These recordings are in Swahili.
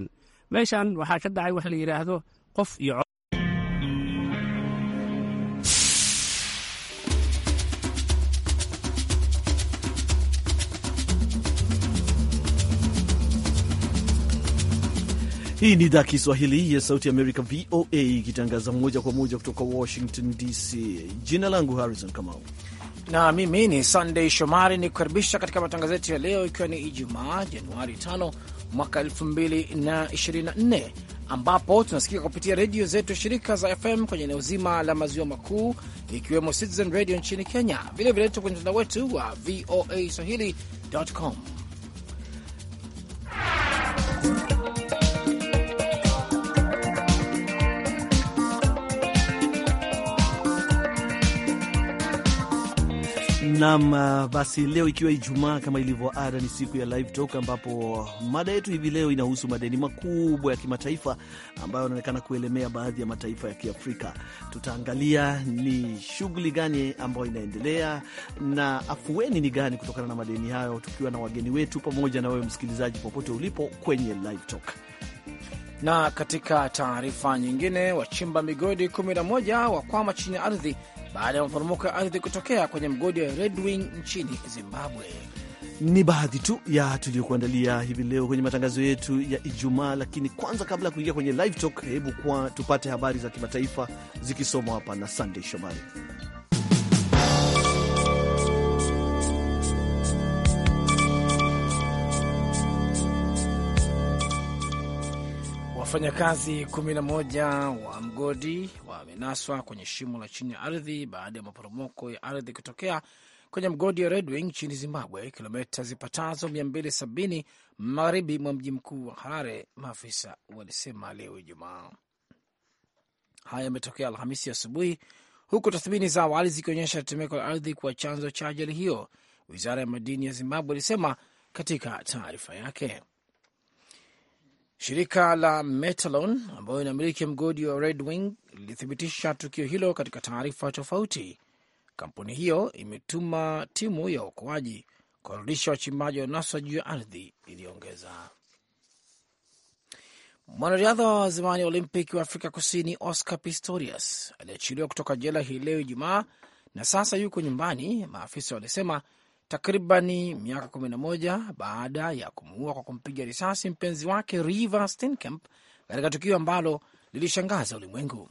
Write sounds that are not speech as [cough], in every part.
Meeshan waxaa ka dhacay wax la yidhaahdo qof iyo Hii ni idhaa Kiswahili ya Sauti Amerika, VOA, ikitangaza moja kwa moja kutoka Washington DC. Jina langu Harrison Kamau na mimi ni Sandey Shomari, ni kukaribisha katika matangazo yetu ya leo, ikiwa ni Ijumaa Januari mwaka 2024 ambapo tunasikika kupitia redio zetu shirika za FM kwenye eneo zima la maziwa makuu ikiwemo Citizen Radio nchini Kenya, vilevile tu kwenye mtandao wetu wa VOA swahili.com. Nam, uh, basi leo ikiwa Ijumaa kama ilivyo ada, ni siku ya live talk, ambapo mada yetu hivi leo inahusu madeni makubwa ya kimataifa ambayo yanaonekana kuelemea baadhi ya mataifa ya Kiafrika. Tutaangalia ni shughuli gani ambayo inaendelea na afueni ni gani kutokana na madeni hayo, tukiwa na wageni wetu pamoja na wewe msikilizaji, popote ulipo kwenye live talk. Na katika taarifa nyingine, wachimba migodi 11 wakwama chini ya ardhi baada ya maporomoko ya ardhi kutokea kwenye mgodi wa Red Wing nchini Zimbabwe. Ni baadhi tu ya tuliyokuandalia hivi leo kwenye matangazo yetu ya Ijumaa, lakini kwanza, kabla ya kuingia kwenye live talk, hebu kwa tupate habari za kimataifa zikisomwa hapa na Sandey Shomari. Wafanyakazi 11 wa mgodi wamenaswa kwenye shimo la chini ya ardhi baada ya maporomoko ya ardhi kutokea kwenye mgodi wa Redwing nchini Zimbabwe, kilomita zipatazo 270 magharibi mwa mji mkuu wa Harare, maafisa walisema leo Ijumaa. Haya yametokea Alhamisi asubuhi, huku tathmini za awali zikionyesha tetemeko la ardhi kuwa chanzo cha ajali hiyo, wizara ya madini ya Zimbabwe ilisema katika taarifa yake. Shirika la Metalon ambayo inamiliki mgodi wa Red Wing lilithibitisha tukio hilo katika taarifa tofauti. Kampuni hiyo imetuma timu ya uokoaji kuwarudisha wachimbaji wa NASA juu ya ardhi, iliyoongeza. Mwanariadha wa zamani wa olimpic wa Afrika Kusini Oscar Pistorius aliachiliwa kutoka jela hii leo Ijumaa na sasa yuko nyumbani, maafisa walisema takribani miaka 11 baada ya kumuua kwa kumpiga risasi mpenzi wake Reeva Steenkamp katika tukio ambalo lilishangaza ulimwengu.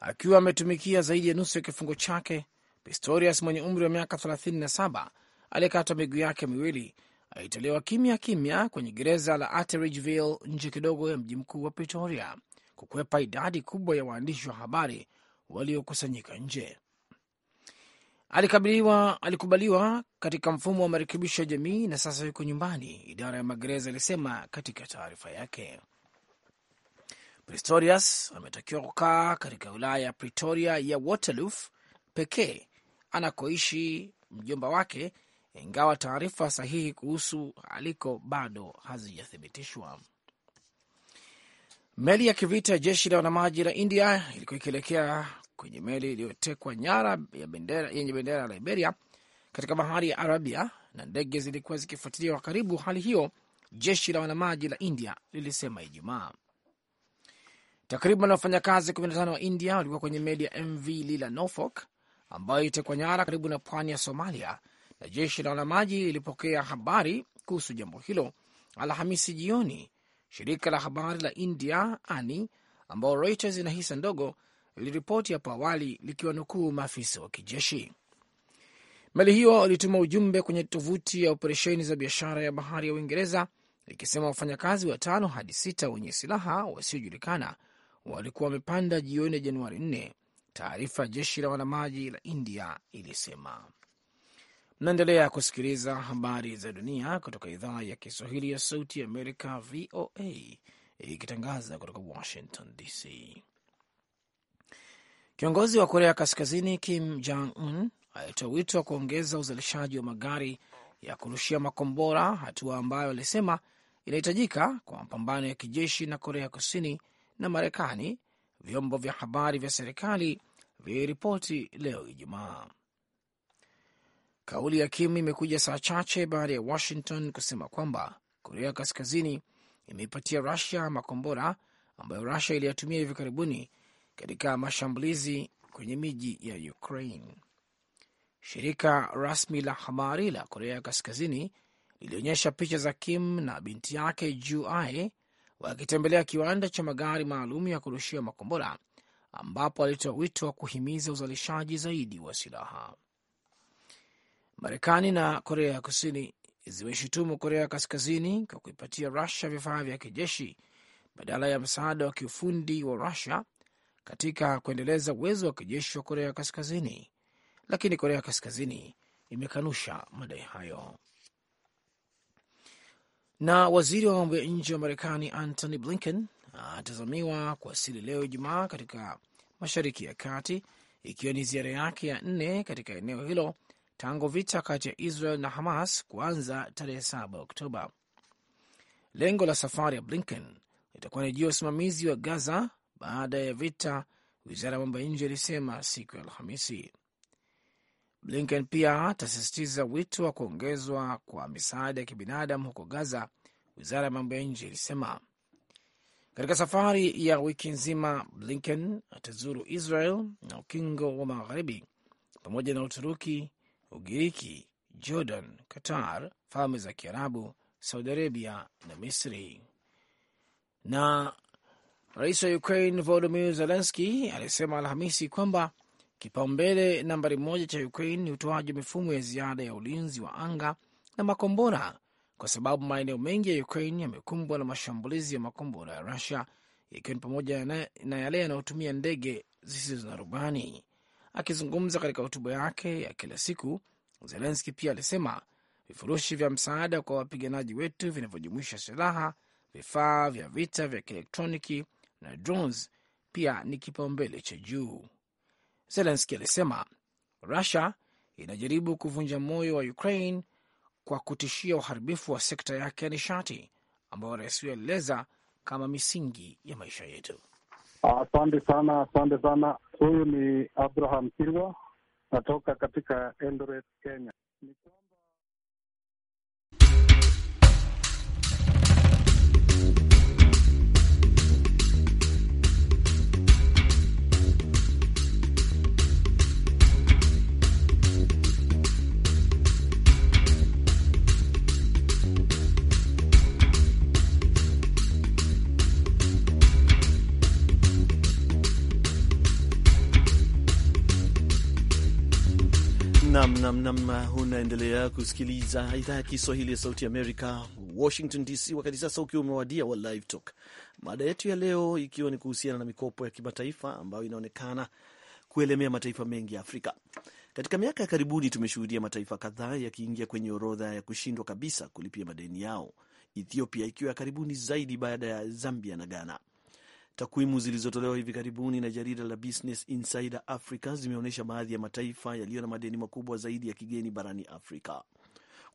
Akiwa ametumikia zaidi ya nusu ya kifungo chake, Pistorius mwenye umri wa miaka 37 aliyekatwa miguu yake miwili alitolewa kimya kimya kwenye gereza la Atteridgeville nje kidogo ya mji mkuu wa Pretoria, kukwepa idadi kubwa ya waandishi wa habari waliokusanyika nje. Alikabiliwa, alikubaliwa katika mfumo wa marekebisho ya jamii na sasa yuko nyumbani, idara ya magereza ilisema katika taarifa yake. Pistorius ametakiwa kukaa katika wilaya ya Pretoria ya Waterloof pekee anakoishi mjomba wake, ingawa taarifa sahihi kuhusu aliko bado hazijathibitishwa. Meli ya kivita ya jeshi la wanamaji la India ilikuwa ikielekea kwenye meli iliyotekwa nyara ya bendera, yenye bendera ya Liberia katika bahari ya Arabia, na ndege zilikuwa zikifuatilia kwa karibu hali hiyo, jeshi la wanamaji la India lilisema Ijumaa. Takriban wafanyakazi 15 wa India walikuwa kwenye meli ya MV Lila Norfolk ambayo ilitekwa nyara karibu na pwani ya Somalia, na jeshi la wanamaji lilipokea habari kuhusu jambo hilo Alhamisi jioni. Shirika la habari la India ani ambao Reuters ina hisa ndogo liliripoti hapo awali likiwanukuu maafisa wa kijeshi. Meli hiyo ilituma ujumbe kwenye tovuti ya operesheni za biashara ya bahari ya Uingereza ikisema wafanyakazi watano hadi sita wenye silaha wasiojulikana walikuwa wamepanda jioni ya Januari 4. Taarifa jeshi la wanamaji la India ilisema. Mnaendelea kusikiliza habari za dunia kutoka idhaa ya Kiswahili ya Sauti ya Amerika, VOA, ikitangaza kutoka Washington DC. Kiongozi wa Korea Kaskazini Kim Jong Un alitoa wito wa kuongeza uzalishaji wa magari ya kurushia makombora, hatua ambayo alisema inahitajika kwa mapambano ya kijeshi na Korea Kusini na Marekani, vyombo vya habari vya serikali viliripoti leo Ijumaa. Kauli ya Kim imekuja saa chache baada ya Washington kusema kwamba Korea Kaskazini imeipatia Rusia makombora ambayo Rusia iliyatumia hivi karibuni katika mashambulizi kwenye miji ya Ukraine. Shirika rasmi la habari la Korea ya Kaskazini lilionyesha picha za Kim na binti yake Ju Ae wakitembelea kiwanda cha magari maalum ya kurushia makombora ambapo alitoa wito wa kuhimiza uzalishaji zaidi wa silaha. Marekani na Korea ya Kusini zimeshutumu Korea ya Kaskazini kwa kuipatia Rusia vifaa vya kijeshi badala ya msaada wa kiufundi wa Rusia katika kuendeleza uwezo wa kijeshi wa Korea Kaskazini, lakini Korea Kaskazini imekanusha madai hayo. Na waziri wa mambo ya nje wa Marekani Antony Blinken atazamiwa kuwasili leo Ijumaa katika Mashariki ya Kati, ikiwa ni ziara yake ya nne katika eneo hilo tangu vita kati ya Israel na Hamas kuanza tarehe 7 Oktoba. Lengo la safari ya Blinken litakuwa ni juu ya usimamizi wa Gaza baada ya vita, wizara ya mambo ya nje ilisema siku ya Alhamisi. Blinken pia atasisitiza wito wa kuongezwa kwa misaada ya kibinadamu huko Gaza, wizara ya mambo ya nje ilisema. Katika safari ya wiki nzima, Blinken atazuru Israel na ukingo wa Magharibi pamoja na Uturuki, Ugiriki, Jordan, Qatar, Falme za Kiarabu, Saudi Arabia na Misri. Na Rais wa Ukraine Volodymyr Zelenski alisema Alhamisi kwamba kipaumbele nambari moja cha Ukraine ni utoaji wa mifumo ya ziada ya ulinzi wa anga na makombora, kwa sababu maeneo mengi ya Ukraine yamekumbwa na mashambulizi ya makombora ya Rusia, ikiwa ni pamoja na yale yanayotumia ndege zisizo na rubani. Akizungumza katika hotuba yake ya kila siku, Zelenski pia alisema vifurushi vya msaada kwa wapiganaji wetu vinavyojumuisha silaha, vifaa vya vita vya kielektroniki na drones pia ni kipaumbele cha juu. Zelenski alisema Rusia inajaribu kuvunja moyo wa Ukraine kwa kutishia uharibifu wa sekta yake ya nishati ambayo rais huyo alieleza kama misingi ya maisha yetu. Asante sana, asante sana. Huyu ni Abraham Kirwa natoka katika Eldoret, Kenya. namnamna Unaendelea kusikiliza idhaa ya Kiswahili ya Sauti Amerika, Washington DC, wakati sasa ukiwa umewadia wa Live Talk, mada yetu ya leo ikiwa ni kuhusiana na mikopo ya kimataifa ambayo inaonekana kuelemea mataifa mengi ya Afrika. Katika miaka ya karibuni tumeshuhudia mataifa kadhaa yakiingia kwenye orodha ya kushindwa kabisa kulipia madeni yao, Ethiopia ikiwa ya karibuni zaidi baada ya Zambia na Ghana. Takwimu zilizotolewa hivi karibuni na jarida la Business Insider Africa zimeonyesha baadhi ya mataifa yaliyo na madeni makubwa zaidi ya kigeni barani Afrika.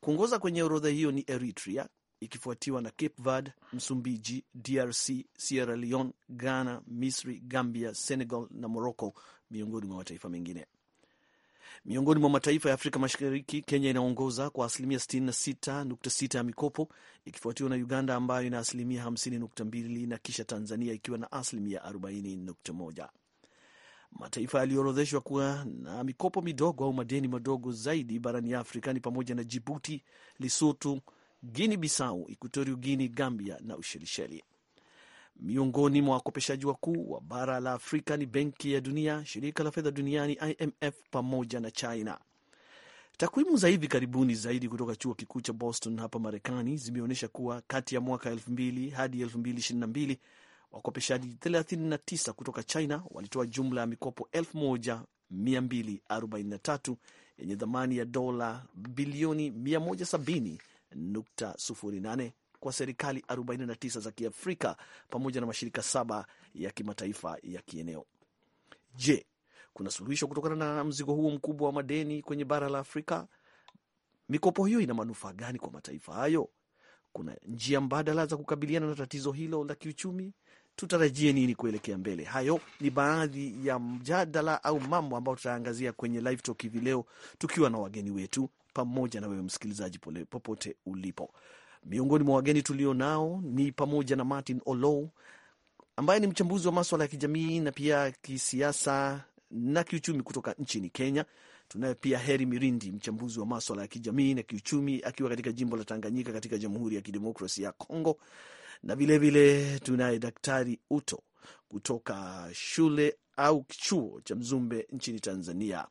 Kuongoza kwenye orodha hiyo ni Eritrea, ikifuatiwa na Cape Verde, Msumbiji, DRC, Sierra Leone, Ghana, Misri, Gambia, Senegal na Morocco, miongoni mwa mataifa mengine. Miongoni mwa mataifa ya Afrika Mashariki, Kenya inaongoza kwa asilimia 66.6 ya mikopo ikifuatiwa na Uganda ambayo ina asilimia 50.2 na kisha Tanzania ikiwa na asilimia 40.1. Mataifa yaliyoorodheshwa kuwa na mikopo midogo au madeni madogo zaidi barani Afrika ni pamoja na Jibuti, Lesotho, Guinea Bissau, Equatorial Guinea, Gambia na Ushelisheli. Miongoni mwa wakopeshaji wakuu wa bara la Afrika ni Benki ya Dunia, Shirika la Fedha Duniani IMF pamoja na China. Takwimu za hivi karibuni zaidi kutoka chuo kikuu cha Boston hapa Marekani zimeonyesha kuwa kati ya mwaka 2000 hadi 2022 wakopeshaji 39 kutoka China walitoa jumla ya mikopo 1243 yenye thamani ya dola bilioni 170.08 kwa serikali 49 za Kiafrika pamoja na mashirika saba ya kimataifa ya kieneo. Je, kuna suluhisho kutokana na mzigo huo mkubwa wa madeni kwenye bara la Afrika? Mikopo hiyo ina manufaa gani kwa mataifa hayo? Kuna njia mbadala za kukabiliana na tatizo hilo la kiuchumi? Tutarajie nini kuelekea mbele? Hayo ni baadhi ya mjadala au mambo ambayo tutaangazia kwenye live talk hivi leo, tukiwa na wageni wetu pamoja na wewe msikilizaji, popote ulipo. Miongoni mwa wageni tulio nao ni pamoja na Martin olo ambaye ni mchambuzi wa maswala ya kijamii na pia kisiasa na kiuchumi kutoka nchini Kenya. Tunaye pia Heri Mirindi, mchambuzi wa maswala ya kijamii na kiuchumi akiwa katika jimbo la Tanganyika katika Jamhuri ya kidemokrasi ya congo na vilevile tunaye Daktari Uto kutoka shule au chuo cha Mzumbe nchini Tanzania.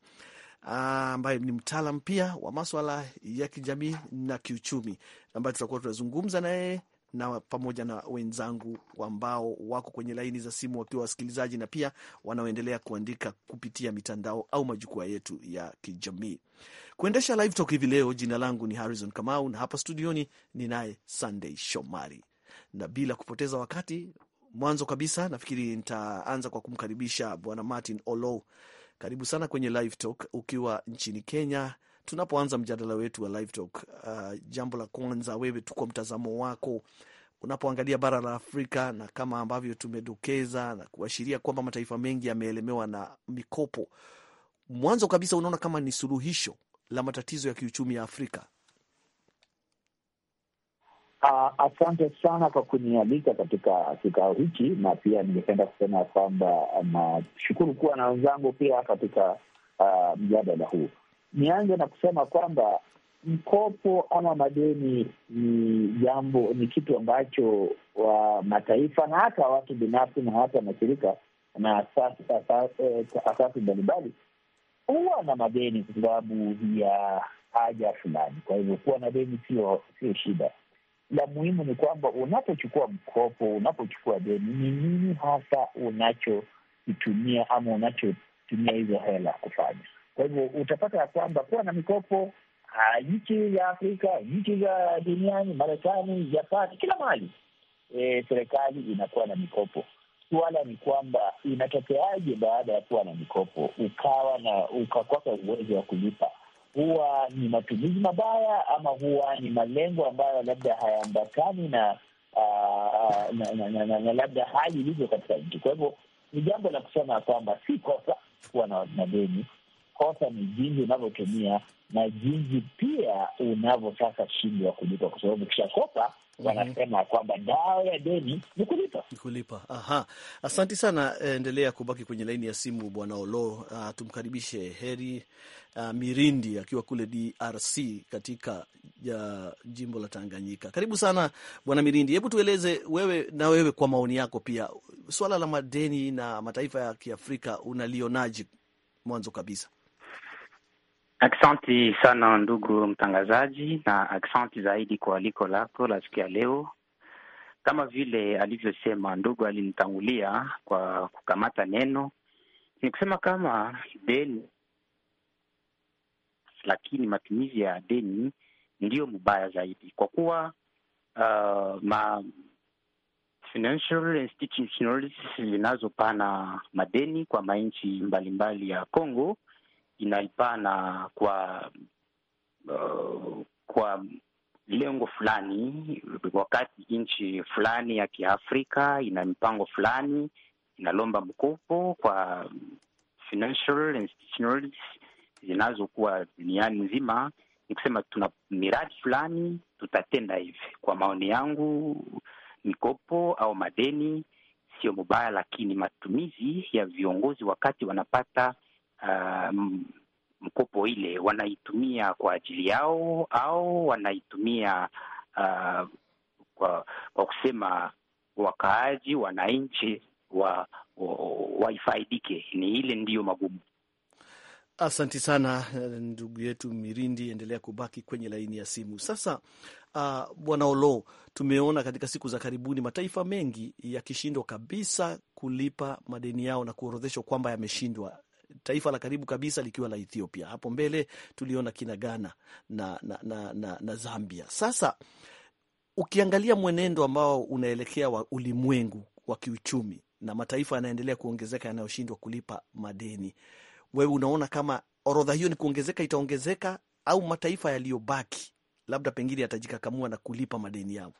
Ah, ambaye ni mtaalam pia wa maswala ya kijamii na kiuchumi, ambaye tutakuwa tunazungumza naye na pamoja na wenzangu ambao wako kwenye laini za simu wakiwa wasikilizaji na pia wanaoendelea kuandika kupitia mitandao au majukwaa yetu ya kijamii. Kuendesha live talk hivi leo, jina langu ni Harrison Kamau na hapa studioni ni naye Sunday Shomari, na bila kupoteza wakati, mwanzo kabisa nafikiri nitaanza kwa kumkaribisha Bwana Martin Olow karibu sana kwenye Live Talk ukiwa nchini Kenya. Tunapoanza mjadala wetu wa Live Talk, uh, jambo la kwanza, wewe tu kwa mtazamo wako unapoangalia bara la Afrika na kama ambavyo tumedokeza na kuashiria kwamba mataifa mengi yameelemewa na mikopo, mwanzo kabisa unaona kama ni suluhisho la matatizo ya kiuchumi ya Afrika Ah, asante sana kwa kunialika katika kikao hiki, na pia ningependa kusema kwamba ah, nashukuru kuwa na wenzangu pia katika uh, mjadala huu. Nianze na kusema kwamba mkopo ama madeni ni jambo, ni kitu ambacho wa mataifa na hata watu binafsi na hata mashirika na asasi asasi eh, mbalimbali huwa na madeni kwa sababu ya haja fulani. Kwa hivyo kuwa na deni sio sio shida la muhimu ni kwamba unapochukua mkopo, unapochukua deni, ni nini hasa unachokitumia ama unachotumia hizo hela kufanya? Kwa hivyo utapata ya kwamba kuwa na mikopo ah, nchi za Afrika, nchi za duniani, Marekani, Japani, kila mahali e, serikali inakuwa na mikopo. Suala ni kwamba inatokeaje baada ya kuwa na mikopo ukawa na ukakosa uwezo wa kulipa? huwa ni matumizi mabaya ama huwa ni malengo ambayo labda hayaambatani na, uh, na, na, na, na, na labda hali ilivyo katika nchi. Kwa hivyo ni jambo la kusema ya kwamba si kosa kuwa na wadeni, kosa ni jinsi unavyotumia na jinsi pia unavyo sasa shindwa kulipa, kwa sababu ukishakopa mhm. wanasema kwamba dawa ya deni ni kulipa, ni kulipa. Aha, sana, endelea kubaki kwenye laini ya simu bwana Olo. Uh, tumkaribishe Heri uh, Mirindi akiwa kule DRC katika ya jimbo la Tanganyika. Karibu sana bwana Mirindi, hebu tueleze wewe na wewe kwa maoni yako pia swala la madeni na mataifa ya Kiafrika unalionaje mwanzo kabisa? Aksanti sana ndugu mtangazaji, na aksanti zaidi kwa aliko lako la siku ya leo. Kama vile alivyosema ndugu alinitangulia kwa kukamata neno, ni kusema kama deni, lakini matumizi ya deni ndiyo mubaya zaidi, kwa kuwa uh, ma financial institutions zinazopana madeni kwa manchi mbalimbali ya Congo inaipana kwa uh, kwa lengo fulani. Wakati nchi fulani ya Kiafrika ina mipango fulani, inalomba mkopo kwa financial institutions zinazokuwa duniani nzima, ni kusema tuna miradi fulani, tutatenda hivi. Kwa maoni yangu, mikopo au madeni sio mubaya, lakini matumizi ya viongozi wakati wanapata uh, mkopo ile wanaitumia kwa ajili yao au wanaitumia uh, kwa, kwa kusema wakaaji wananchi wa, wa, waifaidike. Ni ile ndiyo magumu. Asanti sana eh, ndugu yetu Mirindi, endelea kubaki kwenye laini ya simu. Sasa uh, bwana Olo, tumeona katika siku za karibuni mataifa mengi yakishindwa kabisa kulipa madeni yao na kuorodheshwa kwamba yameshindwa taifa la karibu kabisa likiwa la Ethiopia. Hapo mbele tuliona kina Ghana na, na, na, na, na Zambia. Sasa ukiangalia mwenendo ambao unaelekea wa ulimwengu wa kiuchumi na mataifa yanaendelea kuongezeka yanayoshindwa kulipa madeni, wewe unaona kama orodha hiyo ni kuongezeka itaongezeka, au mataifa yaliyobaki labda pengine yatajikakamua na kulipa madeni yao?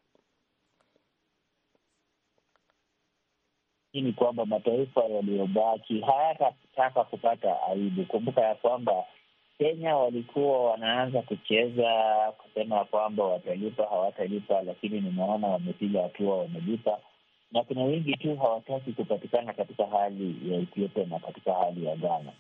ni kwamba mataifa yaliyobaki hayatataka kupata aibu. Kumbuka ya kwamba Kenya walikuwa wanaanza kucheza kusema kwamba watalipa hawatalipa, lakini nimeona wamepiga hatua, wamelipa na kuna wengi tu hawataki kupatikana katika hali ya Ethiopia na katika hali ya Ghana.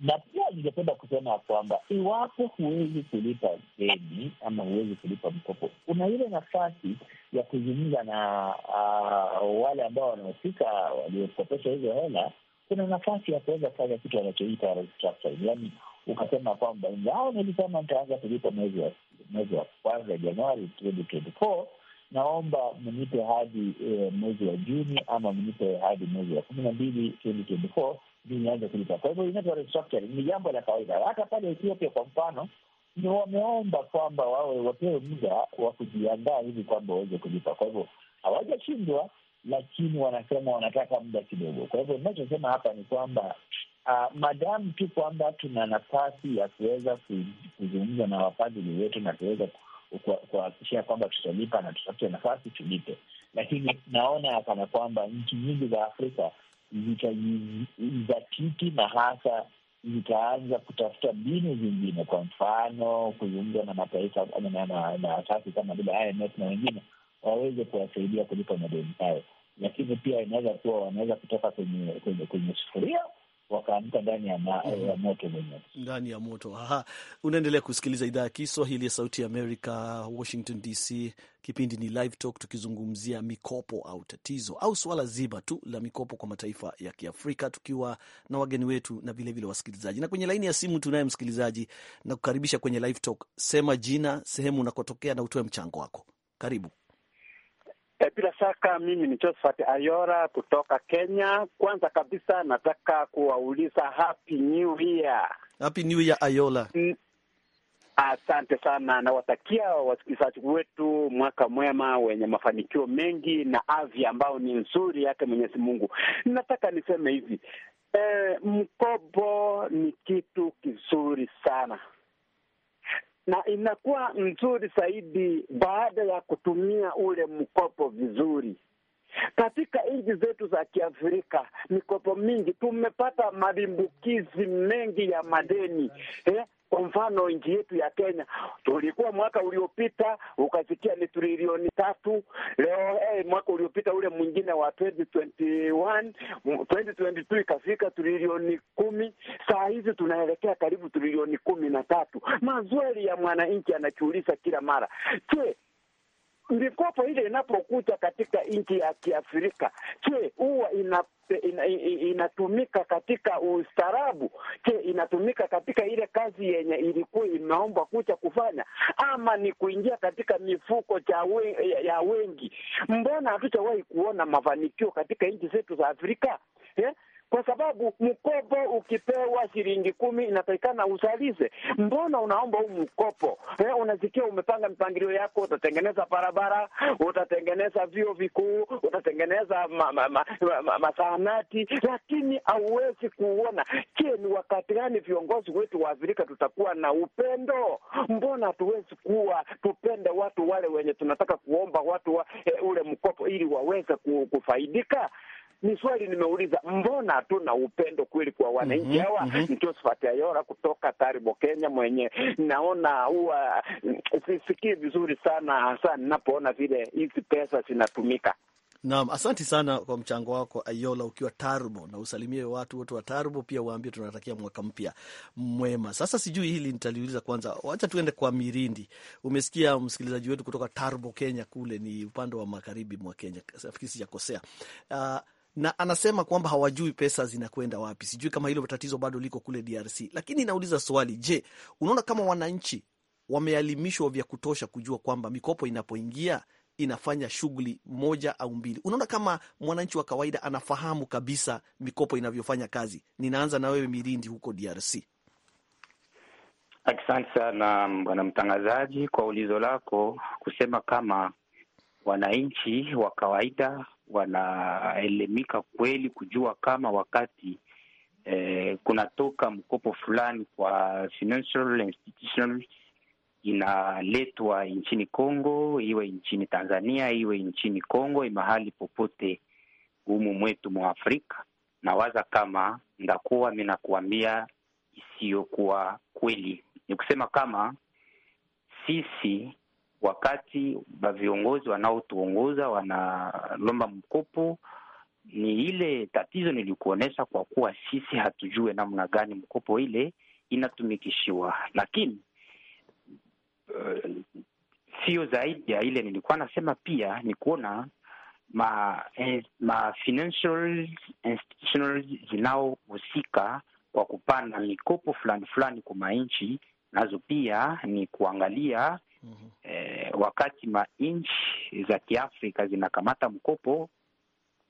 Na pia ningependa kusema kwamba iwapo huwezi kulipa deni ama huwezi kulipa mkopo, kuna ile nafasi ya kuzungumza na uh, wale ambao wanahusika waliokopesha hizo hela, kuna nafasi ya kuweza kufanya kitu wanachoita restructuring, yaani ukasema kwamba ingawa nilisema nitaanza kulipa mwezi wa mwezi wa kwanza Januari 2024 naomba mnipe hadi e, mwezi wa Juni ama mnipe hadi mwezi wa kumi na mbili 2024 nianze kulipa. Kwa hivyo inaitwa restructuring, ni jambo la kawaida. Hata pale Ethiopia kwa mfano ni wameomba kwamba wawe wapewe muda wa kujiandaa hivi kwamba waweze kulipa. Kwa hivyo hawajashindwa, lakini wanasema wanataka muda kidogo. Kwa hivyo inachosema hapa ni kwamba uh, ah, madamu tu kwamba tuna nafasi ya kuweza kuzungumza na wafadhili wetu na kuweza kuhakikishia kwamba tutalipa na tutafute nafasi tulipe, lakini naona kana kwamba nchi nyingi za Afrika zitajizatiti na hasa zitaanza kutafuta mbinu zingine, kwa mfano kuzungumza na mataifa na asasi kama vile IMF na wengine waweze kuwasaidia kulipa madeni hayo, lakini pia inaweza kuwa wanaweza kutoka kwenye kwenye sufuria wakaamka ndani ya, ma, mm -hmm. ya moto mwenyewe ndani ya moto. Aha. Unaendelea kusikiliza idhaa ya Kiswahili ya Sauti ya Amerika, Washington DC. Kipindi ni Live Talk, tukizungumzia mikopo au tatizo au swala zima tu la mikopo kwa mataifa ya Kiafrika, tukiwa na wageni wetu na vilevile wasikilizaji. Na kwenye laini ya simu tunaye msikilizaji na kukaribisha kwenye Live Talk. Sema jina, sehemu unakotokea na utoe mchango wako. Karibu. Eh, bila shaka mimi ni Josephat Ayora kutoka Kenya. Kwanza kabisa nataka kuwauliza happy new year. Happy new year Ayola. N mm, Asante sana, nawatakia wasikilizaji wetu mwaka mwema wenye mafanikio mengi na afya ambayo ni nzuri yake Mwenyezi Mungu. Nataka niseme hivi e, mkopo ni kitu kizuri sana na inakuwa nzuri zaidi baada ya kutumia ule mkopo vizuri. Katika nchi zetu za Kiafrika mikopo mingi, tumepata malimbukizi mengi ya madeni eh? Kwa mfano nchi yetu ya Kenya tulikuwa mwaka uliopita ukasikia ni trilioni tatu. Leo eh, mwaka uliopita ule mwingine wa 2021 2022 ikafika trilioni kumi. Saa hizi tunaelekea karibu trilioni kumi na tatu. mazweli ya mwananchi anachuuliza kila mara. Je, mikopo ile inapokuja katika nchi ya Kiafrika, je, huwa ina, ina, inatumika katika ustarabu Je, inatumika katika ile kazi yenye ilikuwa imeombwa kucha kufanya, ama ni kuingia katika mifuko cha we, ya wengi? Mbona hatujawahi kuona mafanikio katika nchi zetu za Afrika eh? kwa sababu mkopo ukipewa shilingi kumi inatakikana uzalize Mbona unaomba huu mkopo eh? Unasikia umepanga mipangilio yako, utatengeneza barabara, utatengeneza vyuo vikuu, utatengeneza ma, ma, ma, ma, ma, lakini hauwezi kuona. Je, ni wakati gani viongozi wetu wa Afrika tutakuwa na upendo? Mbona hatuwezi kuwa tupende watu wale wenye tunataka kuomba watu wa, eh, ule mkopo ili waweze kufaidika? ni swali nimeuliza, mbona hatuna upendo kweli kwa wananchi mhm, hawa? mm -hmm. Ni Josephat Ayora kutoka Taribo, Kenya, mwenye naona huwa sisikii vizuri sana, hasa ninapoona vile hizi pesa zinatumika. Naam, asanti sana kwa mchango wako Ayola, ukiwa Tarbo, na usalimie watu wote wa Tarbo, pia waambie tunatakia mwaka mpya mwema. Sasa sijui hili nitaliuliza kwanza, wacha tuende kwa Mirindi. Umesikia msikilizaji wetu kutoka Tarbo, Kenya, kule ni upande wa magharibi mwa Kenya, nafikiri sijakosea. uh, na anasema kwamba hawajui pesa zinakwenda wapi. Sijui kama hilo tatizo bado liko kule DRC, lakini nauliza swali, je, unaona kama wananchi wameelimishwa vya kutosha kujua kwamba mikopo inapoingia inafanya shughuli moja au mbili? Unaona kama mwananchi wa kawaida anafahamu kabisa mikopo inavyofanya kazi? Ninaanza na wewe Mirindi huko DRC. Asante sana bwana mtangazaji kwa ulizo lako kusema kama wananchi wa kawaida wanaelemika kweli kujua kama wakati eh, kunatoka mkopo fulani kwa financial inaletwa nchini congo iwe nchini Tanzania, iwe nchini Kongo, mahali popote humu mwetu mwa Afrika, nawaza kama ndakuwa minakuambia isiyokuwa kweli. Ni kusema kama sisi wakati wa viongozi wanaotuongoza wanalomba mkopo ni ile tatizo nilikuonyesha, kwa kuwa sisi hatujue namna gani mkopo ile inatumikishiwa, lakini eh, sio uh, zaidi ya ile nilikuwa nasema. Pia ni kuona ma, eh, ma financial zinaohusika kwa kupanda mikopo fulani fulani kwa manchi, nazo pia ni kuangalia mm -hmm. eh, wakati manchi za Kiafrika zinakamata mkopo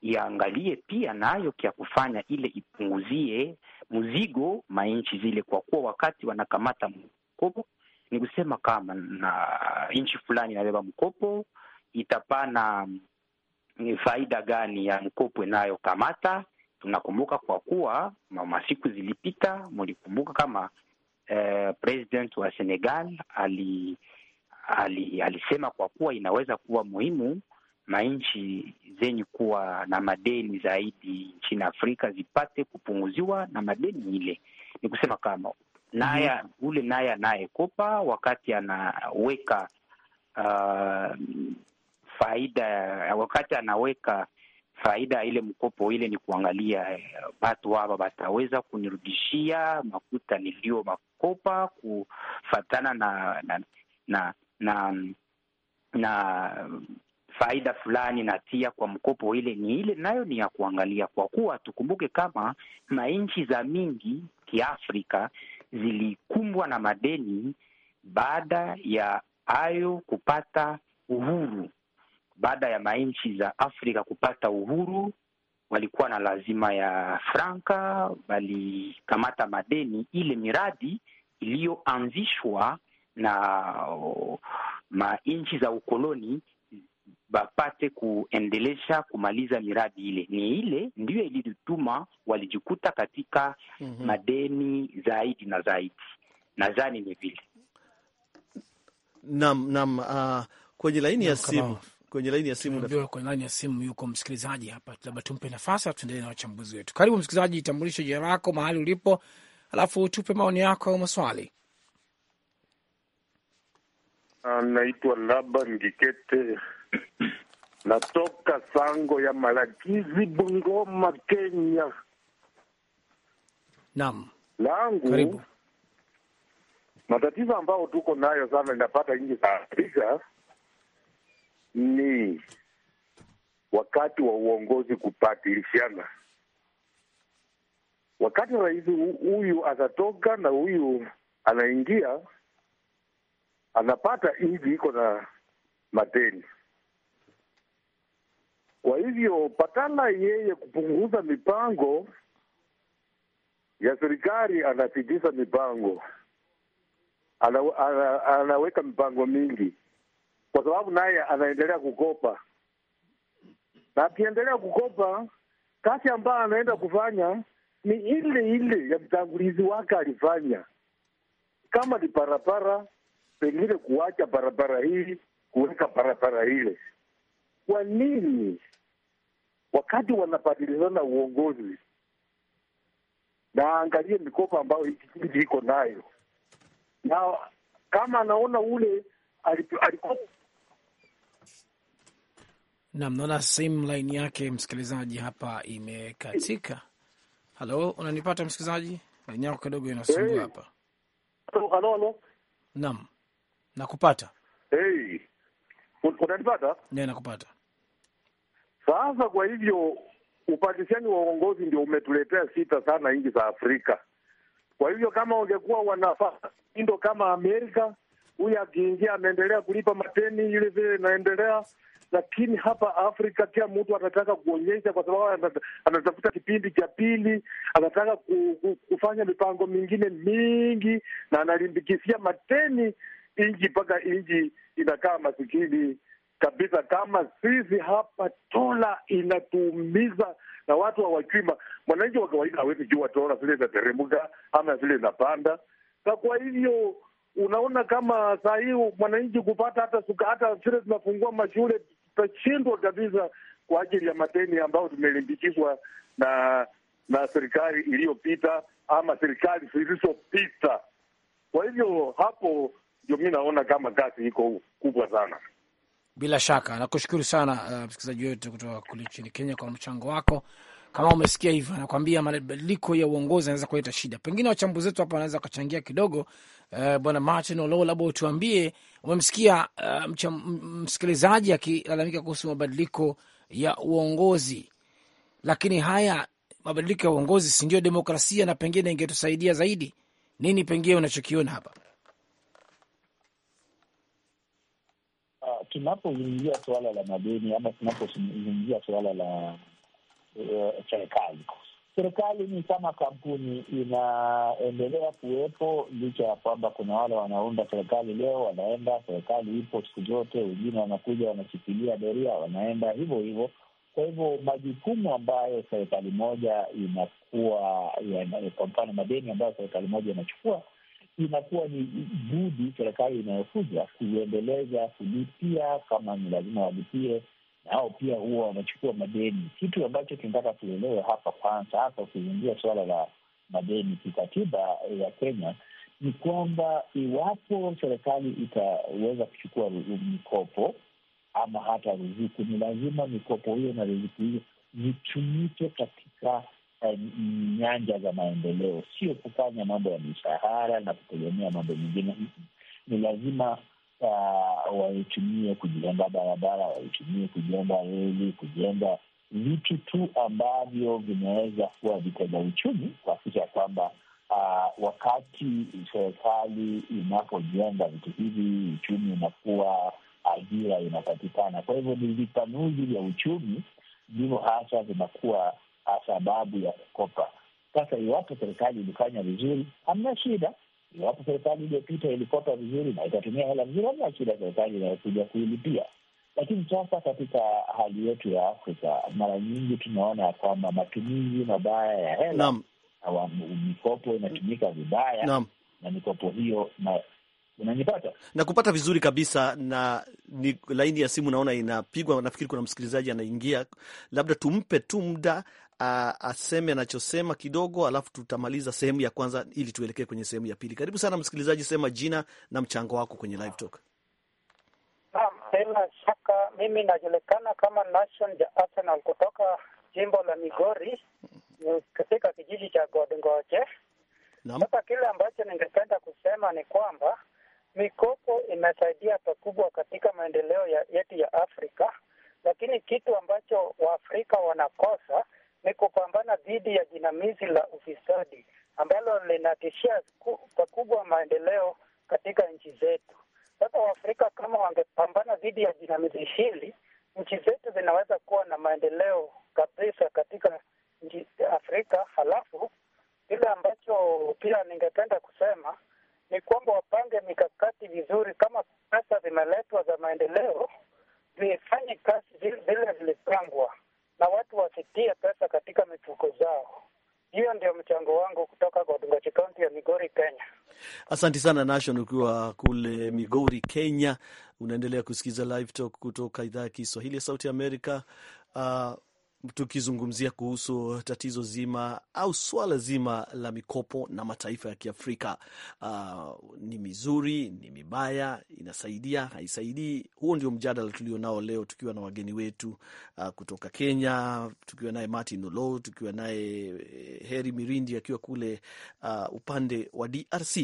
iangalie pia nayo kia kufanya ile ipunguzie mzigo manchi zile, kwa kuwa wakati wanakamata mkopo ni kusema kama na nchi fulani inabeba mkopo itapana ni mm, faida gani ya mkopo inayokamata. Tunakumbuka kwa kuwa siku zilipita, mlikumbuka kama eh, president wa Senegal ali ali, alisema kwa kuwa inaweza kuwa muhimu manchi zenye kuwa na madeni zaidi nchini Afrika zipate kupunguziwa na madeni ile. Ni kusema kama naye mm -hmm. ule naye anayekopa wakati anaweka uh, faida wakati anaweka faida ile mkopo ile ni kuangalia eh, watu hapa bataweza kunirudishia makuta niliyo makopa kufatana na na, na na na faida fulani na tia kwa mkopo ile ni ile nayo ni ya kuangalia, kwa kuwa tukumbuke kama manchi za mingi kiafrika zilikumbwa na madeni baada ya hayo kupata uhuru. Baada ya manchi za Afrika kupata uhuru, walikuwa na lazima ya franka, walikamata madeni ile miradi iliyoanzishwa na uh, manchi za ukoloni bapate kuendelesha kumaliza miradi ile. Ni ile ndiyo ilitutuma walijikuta katika mm -hmm. madeni zaidi na zaidi, nadhani ni vile nam nam. Uh, kwenye laini ya simu kwenye laini ya simu ndio, kwenye laini ya simu yuko msikilizaji hapa, labda tumpe nafasi, tuendelee na wachambuzi wetu. Karibu msikilizaji, itambulishe jina lako, mahali ulipo, alafu tupe maoni yako au maswali. Anaitwa laba ngikete natoka sango ya Malakizi, Bungoma, Kenya. Naam, langu karibu. Matatizo ambayo tuko nayo sana inapata nchi za Afrika ni wakati wa uongozi kupatilishana. Wakati rais huyu atatoka na huyu anaingia, anapata hivi iko na madeni. Kwa hivyo patala yeye kupunguza mipango ya serikali, anapitisha mipango ana, ana, anaweka mipango mingi, kwa sababu naye anaendelea kukopa, na akiendelea kukopa, kazi ambayo anaenda kufanya ni ile ile ya mtangulizi wake alifanya. Kama ni parapara pengine kuacha barabara hii, kuweka barabara ile. Kwa nini wakati wanabadilizana uongozi na aangalie mikopo ambayo nchi iko nayo, na kama anaona ule alikuwa nam, naona simu laini yake msikilizaji hapa imekatika. Halo, unanipata msikilizaji? Laini yako kidogo inasumbua hapa. Halo, halo, Nakupata. Hey, unanipata? Ndio, nakupata. Sasa kwa hivyo upatishani wa uongozi ndio umetuletea sita sana nchi za Afrika. Kwa hivyo kama wangekuwa wanafaa indo kama Amerika, huyu akiingia ameendelea kulipa mateni ile vile inaendelea, lakini hapa Afrika kila mtu anataka kuonyesha, kwa sababu anatafuta kipindi cha pili, anataka kufanya mipango mingine mingi na analimbikisia mateni nchi mpaka nchi inakaa masikini kabisa. Kama sisi hapa tola inatuumiza na watu hawachwima, mwananchi wa kawaida hawezi jua tola vile inateremka ama vile inapanda. Na kwa hivyo unaona kama saa hii mwananchi kupata hata suka, hata vile tunafungua mashule tutashindwa kabisa kwa ajili ya madeni ambayo tumelimbikizwa na na serikali iliyopita ama serikali zilizopita. Kwa hivyo hapo ndio mi naona kama kasi iko kubwa sana. Bila shaka nakushukuru sana uh, msikilizaji uh, wetu kutoka kule nchini Kenya kwa mchango wako. Kama umesikia hivyo, anakwambia mabadiliko ya uongozi anaweza kuleta shida. Pengine wachambuzi wetu hapa wanaweza kuchangia kidogo. Uh, bwana Martin Olo, labda utuambie, umemsikia uh, msikilizaji akilalamika kuhusu mabadiliko ya uongozi, lakini haya mabadiliko ya uongozi si ndio demokrasia, na pengine ingetusaidia zaidi. Nini pengine unachokiona hapa? tunapozungumzia suala la madeni ama tunapozungumzia suala la uh, serikali, serikali ni kama kampuni inaendelea kuwepo, licha ya kwamba kuna wale wanaunda serikali leo wanaenda, serikali ipo siku zote, wengine wanakuja wanashikilia doria, wanaenda hivyo hivyo. Kwa hivyo majukumu ambayo serikali moja inakuwa, kwa mfano madeni ambayo serikali moja inachukua inakuwa ni budi serikali inayokuja kuiendeleza kulipia, kama ni lazima walipie, nao pia huwa wanachukua madeni, kitu ambacho tunataka tuelewe hapa kwanza. Hapa ukiingia suala la madeni kikatiba ya Kenya ni kwamba iwapo serikali itaweza kuchukua mikopo ama hata ruzuku, ni lazima mikopo hiyo na ruzuku hiyo zitumike katika katika nyanja za maendeleo, sio kufanya mambo ya mishahara na kutegemea mambo mengine. Ni lazima uh, waitumie kujenga barabara, waitumie kujenga reli, kujenga vitu tu ambavyo vinaweza kuwa vitega uchumi, kuhakikisha kwamba uh, wakati serikali inapojenga vitu hivi, uchumi unakuwa, ajira inapatikana. Kwa hivyo ni vipanuzi vya uchumi ndivyo hasa vinakuwa sababu ya kukopa. Sasa iwapo serikali ilifanya vizuri, hamna shida. Iwapo serikali iliyopita ilikopa vizuri na ikatumia hela vizuri, hamna shida serikali inayokuja kuilipia. Lakini sasa katika hali yetu ya Afrika, mara nyingi tunaona ya kwamba matumizi mabaya ya hela, mikopo inatumika vibaya Naam. na mikopo hiyo na unanipata na kupata vizuri kabisa. Na ni laini ya simu naona inapigwa, nafikiri kuna msikilizaji anaingia, labda tumpe tu muda aseme anachosema kidogo, alafu tutamaliza sehemu ya kwanza ili tuelekee kwenye sehemu ya pili. Karibu sana msikilizaji, sema jina na mchango wako kwenye live talk. Bila shaka mimi najulikana kama Nation ya Arsenal kutoka jimbo la Migori katika kijiji cha Godngoje. Sasa kile ambacho ningependa kusema ni kwamba mikopo imesaidia pakubwa katika maendeleo ya yetu ya Afrika, lakini kitu ambacho Waafrika wanakosa ni kupambana dhidi ya jinamizi la ufisadi ambalo linatishia pakubwa maendeleo katika nchi zetu. Sasa Waafrika kama wangepambana dhidi ya jinamizi hili, nchi zetu zinaweza kuwa na maendeleo kabisa katika nchi Afrika. Halafu kile ambacho pia ningependa kusema ni kwamba wapange mikakati vizuri, kama pesa zimeletwa za maendeleo, zifanye kazi zile zilipangwa na watu wasitie pesa katika mifuko zao. Hiyo ndio mchango wangu kutoka kwa Dungachi kaunti ya Migori, Kenya. asanti sana Nation, ukiwa kule Migori, Kenya. Unaendelea kusikiza Live Talk kutoka idhaa ya Kiswahili ya Sauti Amerika. Uh, tukizungumzia kuhusu tatizo zima au swala zima la mikopo na mataifa ya Kiafrika. Uh, ni mizuri, ni mibaya, inasaidia, haisaidii? Huo ndio mjadala tulio nao leo tukiwa na wageni wetu uh, kutoka Kenya, tukiwa naye Martin Olo, tukiwa naye eh, Heri Mirindi akiwa kule uh, upande wa DRC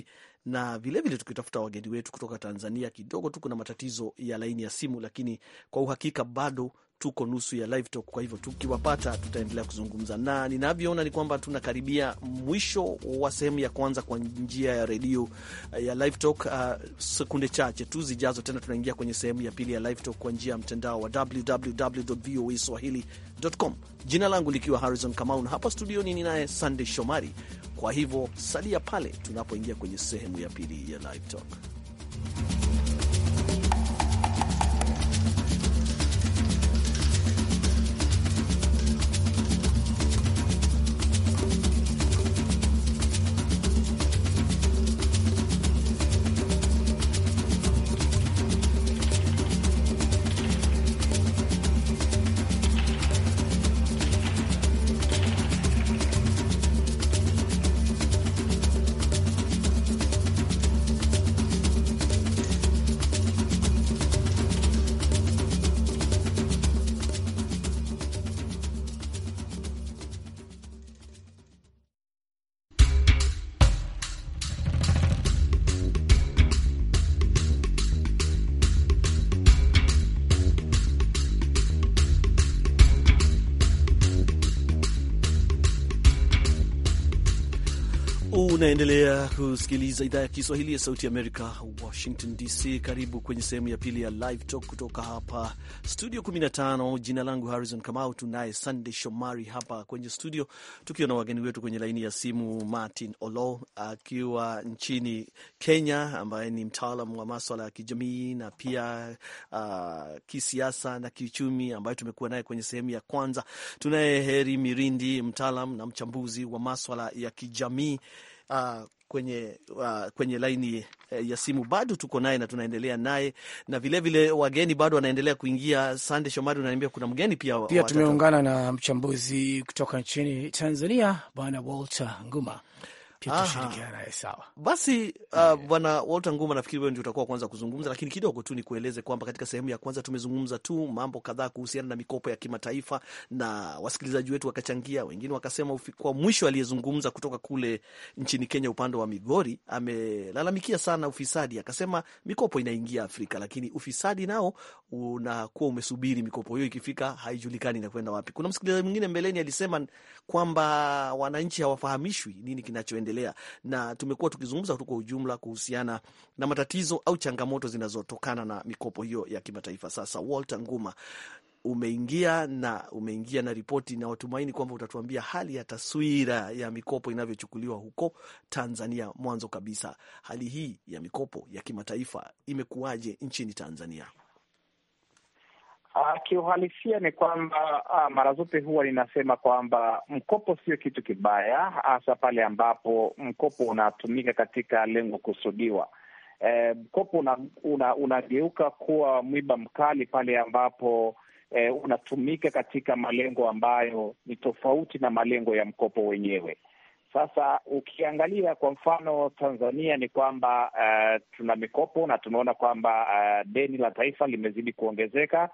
na vilevile tukitafuta wageni wetu kutoka Tanzania. Kidogo tu kuna matatizo ya laini ya simu, lakini kwa uhakika bado tuko nusu ya live talk. Kwa hivyo tukiwapata, tutaendelea kuzungumza, na ninavyoona ni kwamba tunakaribia mwisho wa sehemu ya kwanza kwa njia ya redio eh, ya live talk. Uh, sekunde chache tu zijazo, tena tunaingia kwenye sehemu ya pili ya live talk kwa njia ya mtandao wa www.voaswahili.com, jina langu likiwa Harrison Kamau na hapa studioni ninaye sandey Shomari. Kwa hivyo salia pale tunapoingia kwenye sehemu ya pili ya live talk. Unaendelea kusikiliza idhaa ya Kiswahili ya Sauti ya Amerika, Washington DC. Karibu kwenye sehemu ya pili ya Live Talk kutoka hapa studio 15. Jina langu Harrison Kamau, tunaye sandey Shomari hapa kwenye studio, tukiwa na wageni wetu kwenye laini ya simu, Martin Olo akiwa nchini Kenya, ambaye ni mtaalam wa maswala ya kijamii na pia uh, kisiasa na kiuchumi, ambaye tumekuwa naye kwenye sehemu ya kwanza. Tunaye Heri Mirindi, mtaalam na mchambuzi wa maswala ya kijamii uh, kwenye, uh, kwenye laini uh, ya simu bado tuko naye na tunaendelea naye na vilevile vile wageni bado wanaendelea kuingia. Sande Shomari, unaniambia kuna mgeni pia pia. Tumeungana na mchambuzi kutoka nchini Tanzania, Bwana Walter Nguma tutashirikiana naye sawa. Basi uh, bwana uh, Walter Nguma, nafikiri wewe ndio utakuwa kwanza kuzungumza, lakini kidogo tu nikueleze kwamba katika sehemu ya kwanza tumezungumza tu mambo kadhaa kuhusiana na mikopo ya kimataifa na wasikilizaji wetu wakachangia, wengine wakasema. Kwa mwisho aliyezungumza kutoka kule nchini Kenya upande wa Migori amelalamikia sana ufisadi, akasema mikopo inaingia Afrika, lakini ufisadi nao unakuwa umesubiri mikopo hiyo ikifika, haijulikani inakwenda wapi. Kuna msikilizaji mwingine mbeleni alisema kwamba wananchi hawafahamishwi nini kinachoendelea unaendelea, na tumekuwa tukizungumza tu kwa ujumla kuhusiana na matatizo au changamoto zinazotokana na mikopo hiyo ya kimataifa. Sasa Walter Nguma, umeingia na umeingia na ripoti na watumaini kwamba utatuambia hali ya taswira ya mikopo inavyochukuliwa huko Tanzania. Mwanzo kabisa, hali hii ya mikopo ya kimataifa imekuwaje nchini Tanzania? Ah, kiuhalisia ni kwamba ah, mara zote huwa ninasema kwamba mkopo sio kitu kibaya, hasa pale ambapo mkopo unatumika katika lengo kusudiwa. E, mkopo unageuka una, una kuwa mwiba mkali pale ambapo e, unatumika katika malengo ambayo ni tofauti na malengo ya mkopo wenyewe. Sasa ukiangalia kwa mfano Tanzania ni kwamba uh, tuna mikopo na tumeona kwamba uh, deni la taifa limezidi kuongezeka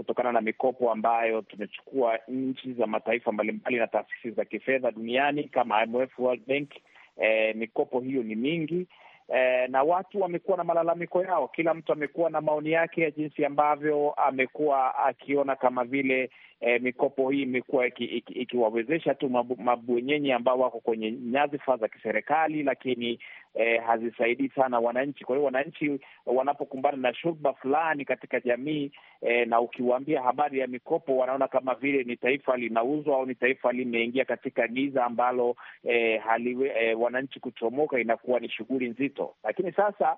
kutokana na mikopo ambayo tumechukua nchi za mataifa mbalimbali na taasisi za kifedha duniani kama IMF, World Bank. E, mikopo hiyo ni mingi e, na watu wamekuwa na malalamiko yao. Kila mtu amekuwa na maoni yake ya jinsi ambavyo amekuwa akiona kama vile e, mikopo hii imekuwa ikiwawezesha iki, iki tu mabwenyenye ambao wako kwenye nyadhifa za kiserikali, lakini eh, hazisaidii sana wananchi. Kwa hiyo wananchi wanapokumbana na shurba fulani katika jamii eh, na ukiwaambia habari ya mikopo, wanaona kama vile ni taifa linauzwa au ni taifa limeingia katika giza ambalo eh, haliwe, eh, wananchi kuchomoka inakuwa ni shughuli nzito, lakini sasa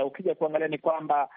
Uh, ukija kuangalia ni kwamba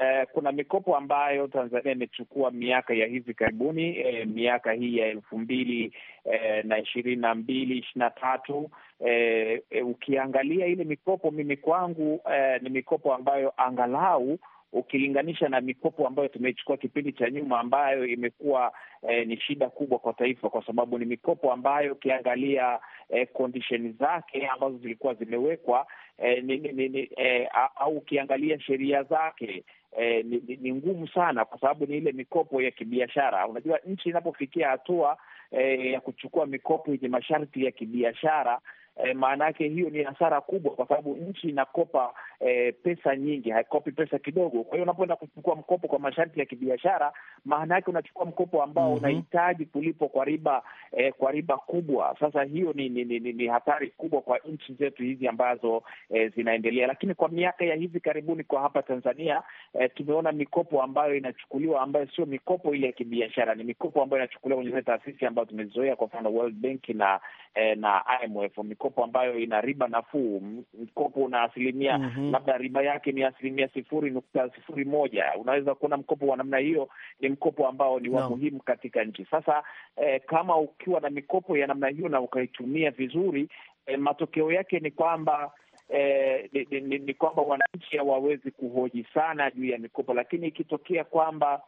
eh, kuna mikopo ambayo Tanzania imechukua miaka ya hivi karibuni eh, miaka hii ya elfu mbili eh, na ishirini na mbili ishirini na tatu eh, eh, ukiangalia ile mikopo mimi kwangu eh, ni mikopo ambayo angalau ukilinganisha na mikopo ambayo tumeichukua kipindi cha nyuma, ambayo imekuwa eh, ni shida kubwa kwa taifa, kwa sababu ni mikopo ambayo ukiangalia eh, kondisheni zake ambazo zilikuwa zimewekwa eh, ni, ni, ni, eh, au ukiangalia sheria zake eh, ni, ni, ni ngumu sana, kwa sababu ni ile mikopo ya kibiashara. Unajua nchi inapofikia hatua eh, ya kuchukua mikopo yenye masharti ya kibiashara E, eh, maana yake hiyo ni hasara kubwa, kwa sababu nchi inakopa e, pesa nyingi, haikopi pesa kidogo. Kwa hiyo unapoenda kuchukua mkopo kwa masharti ya kibiashara, maana yake unachukua mkopo ambao mm -hmm. unahitaji kulipo kwa riba e, kwa riba kubwa. Sasa hiyo ni, ni, ni, ni ni hatari kubwa kwa nchi zetu hizi ambazo e, zinaendelea. Lakini kwa miaka ya hivi karibuni kwa hapa Tanzania e, tumeona mikopo ambayo inachukuliwa ambayo sio mikopo ile ya kibiashara, ni mikopo ambayo inachukuliwa kwenye zile taasisi ambazo tumezizoea, kwa mfano World Bank na e, na IMF mikopo mikopo ambayo ina riba nafuu, mkopo una asilimia mm -hmm. labda riba yake ni asilimia sifuri nukta sifuri moja. Unaweza kuona mkopo wa namna hiyo ni mkopo ambao ni wa no. muhimu katika nchi. Sasa eh, kama ukiwa na mikopo ya namna hiyo na ukaitumia vizuri eh, matokeo yake ni kwamba Eh, ni, ni, ni kwamba wananchi hawawezi kuhoji sana juu ya mikopo, lakini ikitokea kwamba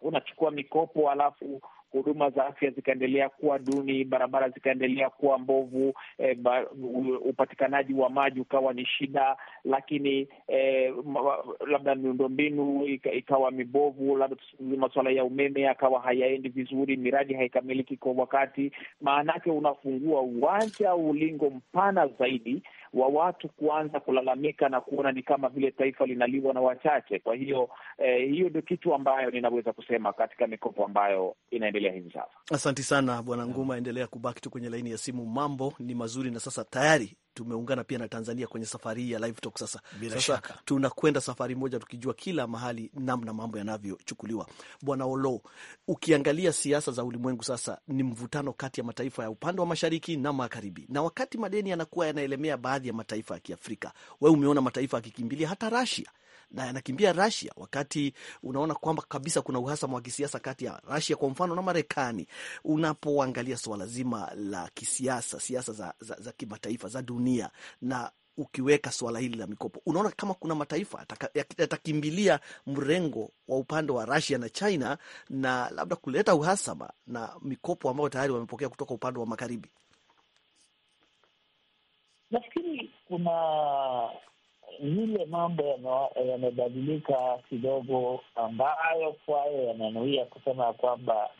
unachukua mikopo alafu huduma za afya zikaendelea kuwa duni, barabara zikaendelea kuwa mbovu, e, ba, upatikanaji wa maji ukawa ni shida, lakini e, labda miundombinu ikawa mibovu, labda masuala ya umeme yakawa hayaendi vizuri, miradi haikamiliki kwa wakati. Maanake unafungua uwanja, ulingo mpana zaidi wa watu kuanza kulalamika na kuona ni kama vile taifa linaliwa na wachache. Kwa hiyo eh, hiyo ndio kitu ambayo ninaweza kusema katika mikopo ambayo inaendelea hivi sasa. Asanti sana Bwana Nguma, endelea kubaki tu kwenye laini ya simu, mambo ni mazuri na sasa tayari tumeungana pia na Tanzania kwenye safari hii ya live talk. Sasa Bila sasa tunakwenda safari moja tukijua kila mahali namna mambo yanavyochukuliwa. Bwana Olo, ukiangalia siasa za ulimwengu sasa ni mvutano kati ya mataifa ya upande wa mashariki na magharibi, na wakati madeni yanakuwa yanaelemea baadhi ya mataifa ya Kiafrika, we umeona mataifa yakikimbilia hata Rasia na yanakimbia Russia, wakati unaona kwamba kabisa kuna uhasama wa kisiasa kati ya Russia kwa mfano na Marekani, unapoangalia swala zima la kisiasa, siasa za, za, za kimataifa za dunia na ukiweka suala hili la mikopo unaona kama kuna mataifa yatakimbilia mrengo wa upande wa Russia na China na labda kuleta uhasama na mikopo ambayo tayari wamepokea kutoka upande wa magharibi. Nafikiri kuna yule mambo yamebadilika kidogo, ambayo kwayo yananuia kusema ya kwamba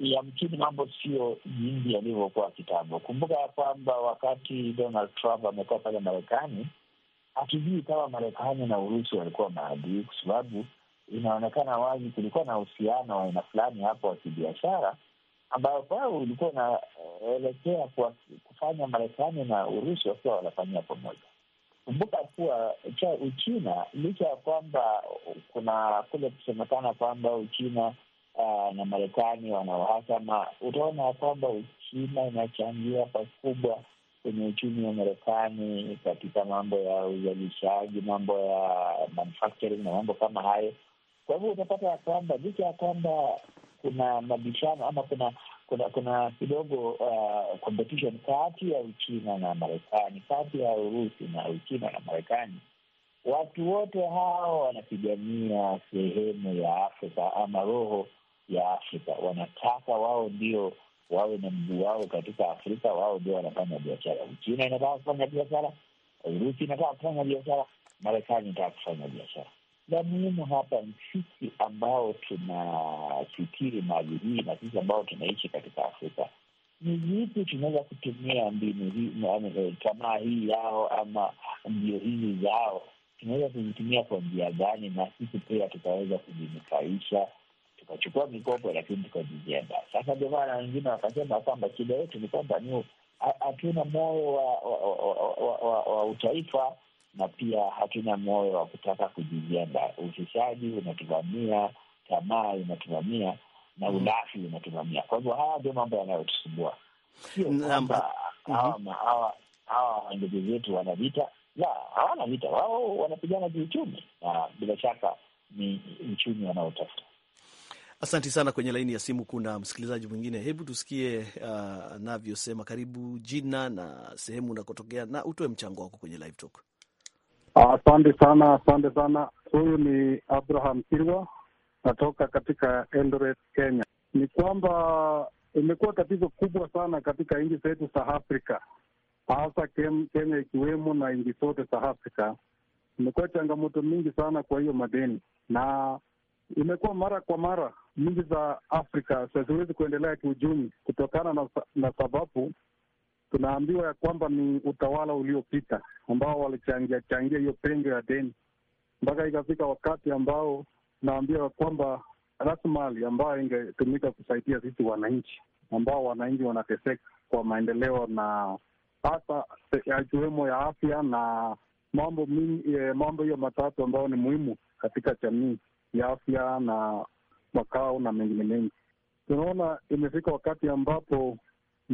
yamkini mambo sio jinsi yalivyokuwa kitambo. Kumbuka ya kwamba wakati Donald Trump amekuwa pale Marekani, akijui kama Marekani na Urusi walikuwa maadui, kwa sababu inaonekana wazi kulikuwa na uhusiano wa aina fulani hapo wa kibiashara, ambayo kwao ulikuwa unaelekea kufanya Marekani na Urusi wakiwa wanafanyia pamoja Kumbuka kuwa cha Uchina, licha ya kwamba kuna kule kusemekana kwamba Uchina uh, na Marekani wana uhasama, utaona ya kwamba Uchina inachangia pakubwa kwenye uchumi wa Marekani katika mambo ya uzalishaji, mambo ya manufacturing na mambo kama hayo. Kwa hivyo utapata ya kwamba licha ya kwamba kuna mabishano ama kuna kuna kuna kidogo uh, competition kati ya Uchina na Marekani, kati ya Urusi na Uchina na Marekani. Watu wote hao wanapigania sehemu ya Afrika ama roho ya Afrika, wanataka wao ndio wawe na mguu wao katika Afrika, wao ndio wanafanya biashara. Uchina inataka kufanya biashara, Urusi inataka kufanya biashara, Marekani inataka kufanya biashara la muhimu hapa ni sisi ambao tunafikiri mali hii na sisi ambao tunaishi katika Afrika, ni vipi tunaweza kutumia mbinu hii, eh, tamaa hii yao ama mbio hizi zao, tunaweza kuzitumia kwa njia gani, na sisi pia tukaweza kujinufaisha, tukachukua mikopo, lakini tukajijenga. Sasa ndio maana wengine wakasema kwamba shida yetu ni kwamba ni hatuna moyo wa utaifa na pia hatuna moyo wa kutaka kujijenga. Ufisadi unatuvamia, tamaa inatuvamia na mm-hmm. ulafi unatuvamia. Kwa hivyo haya ndio mambo yanayotusumbua, sio kwamba mm-hmm. hawa ndugu zetu wana vita. La, hawana vita, wao wanapigana kiuchumi, na bila shaka ni uchumi wanaotafuta. Asanti sana. Kwenye laini ya simu kuna msikilizaji mwingine, hebu tusikie uh, anavyosema. Uh, karibu jina na sehemu unakotokea na utoe mchango wako kwenye live talk. Asante sana, asante sana. Huyu ni Abraham Kirwa, natoka katika Eldoret, Kenya. Ni kwamba imekuwa tatizo kubwa sana katika nchi zetu za Afrika, hasa Kenya ikiwemo na nchi zote za Afrika. Imekuwa changamoto mingi sana kwa hiyo madeni, na imekuwa mara kwa mara nchi za Afrika haziwezi kuendelea kiuchumi kutokana na, na sababu tunaambiwa ya kwamba ni utawala uliopita ambao walichangia changia hiyo pengo ya deni mpaka ikafika wakati ambao naambiwa kwamba rasmali ambayo ingetumika kusaidia sisi wananchi ambao wananchi wanateseka kwa maendeleo na hasa yakiwemo ya afya na mambo e, mambo hiyo matatu ambayo ni muhimu katika jamii ya afya na makao na mengine mengi, tunaona imefika wakati ambapo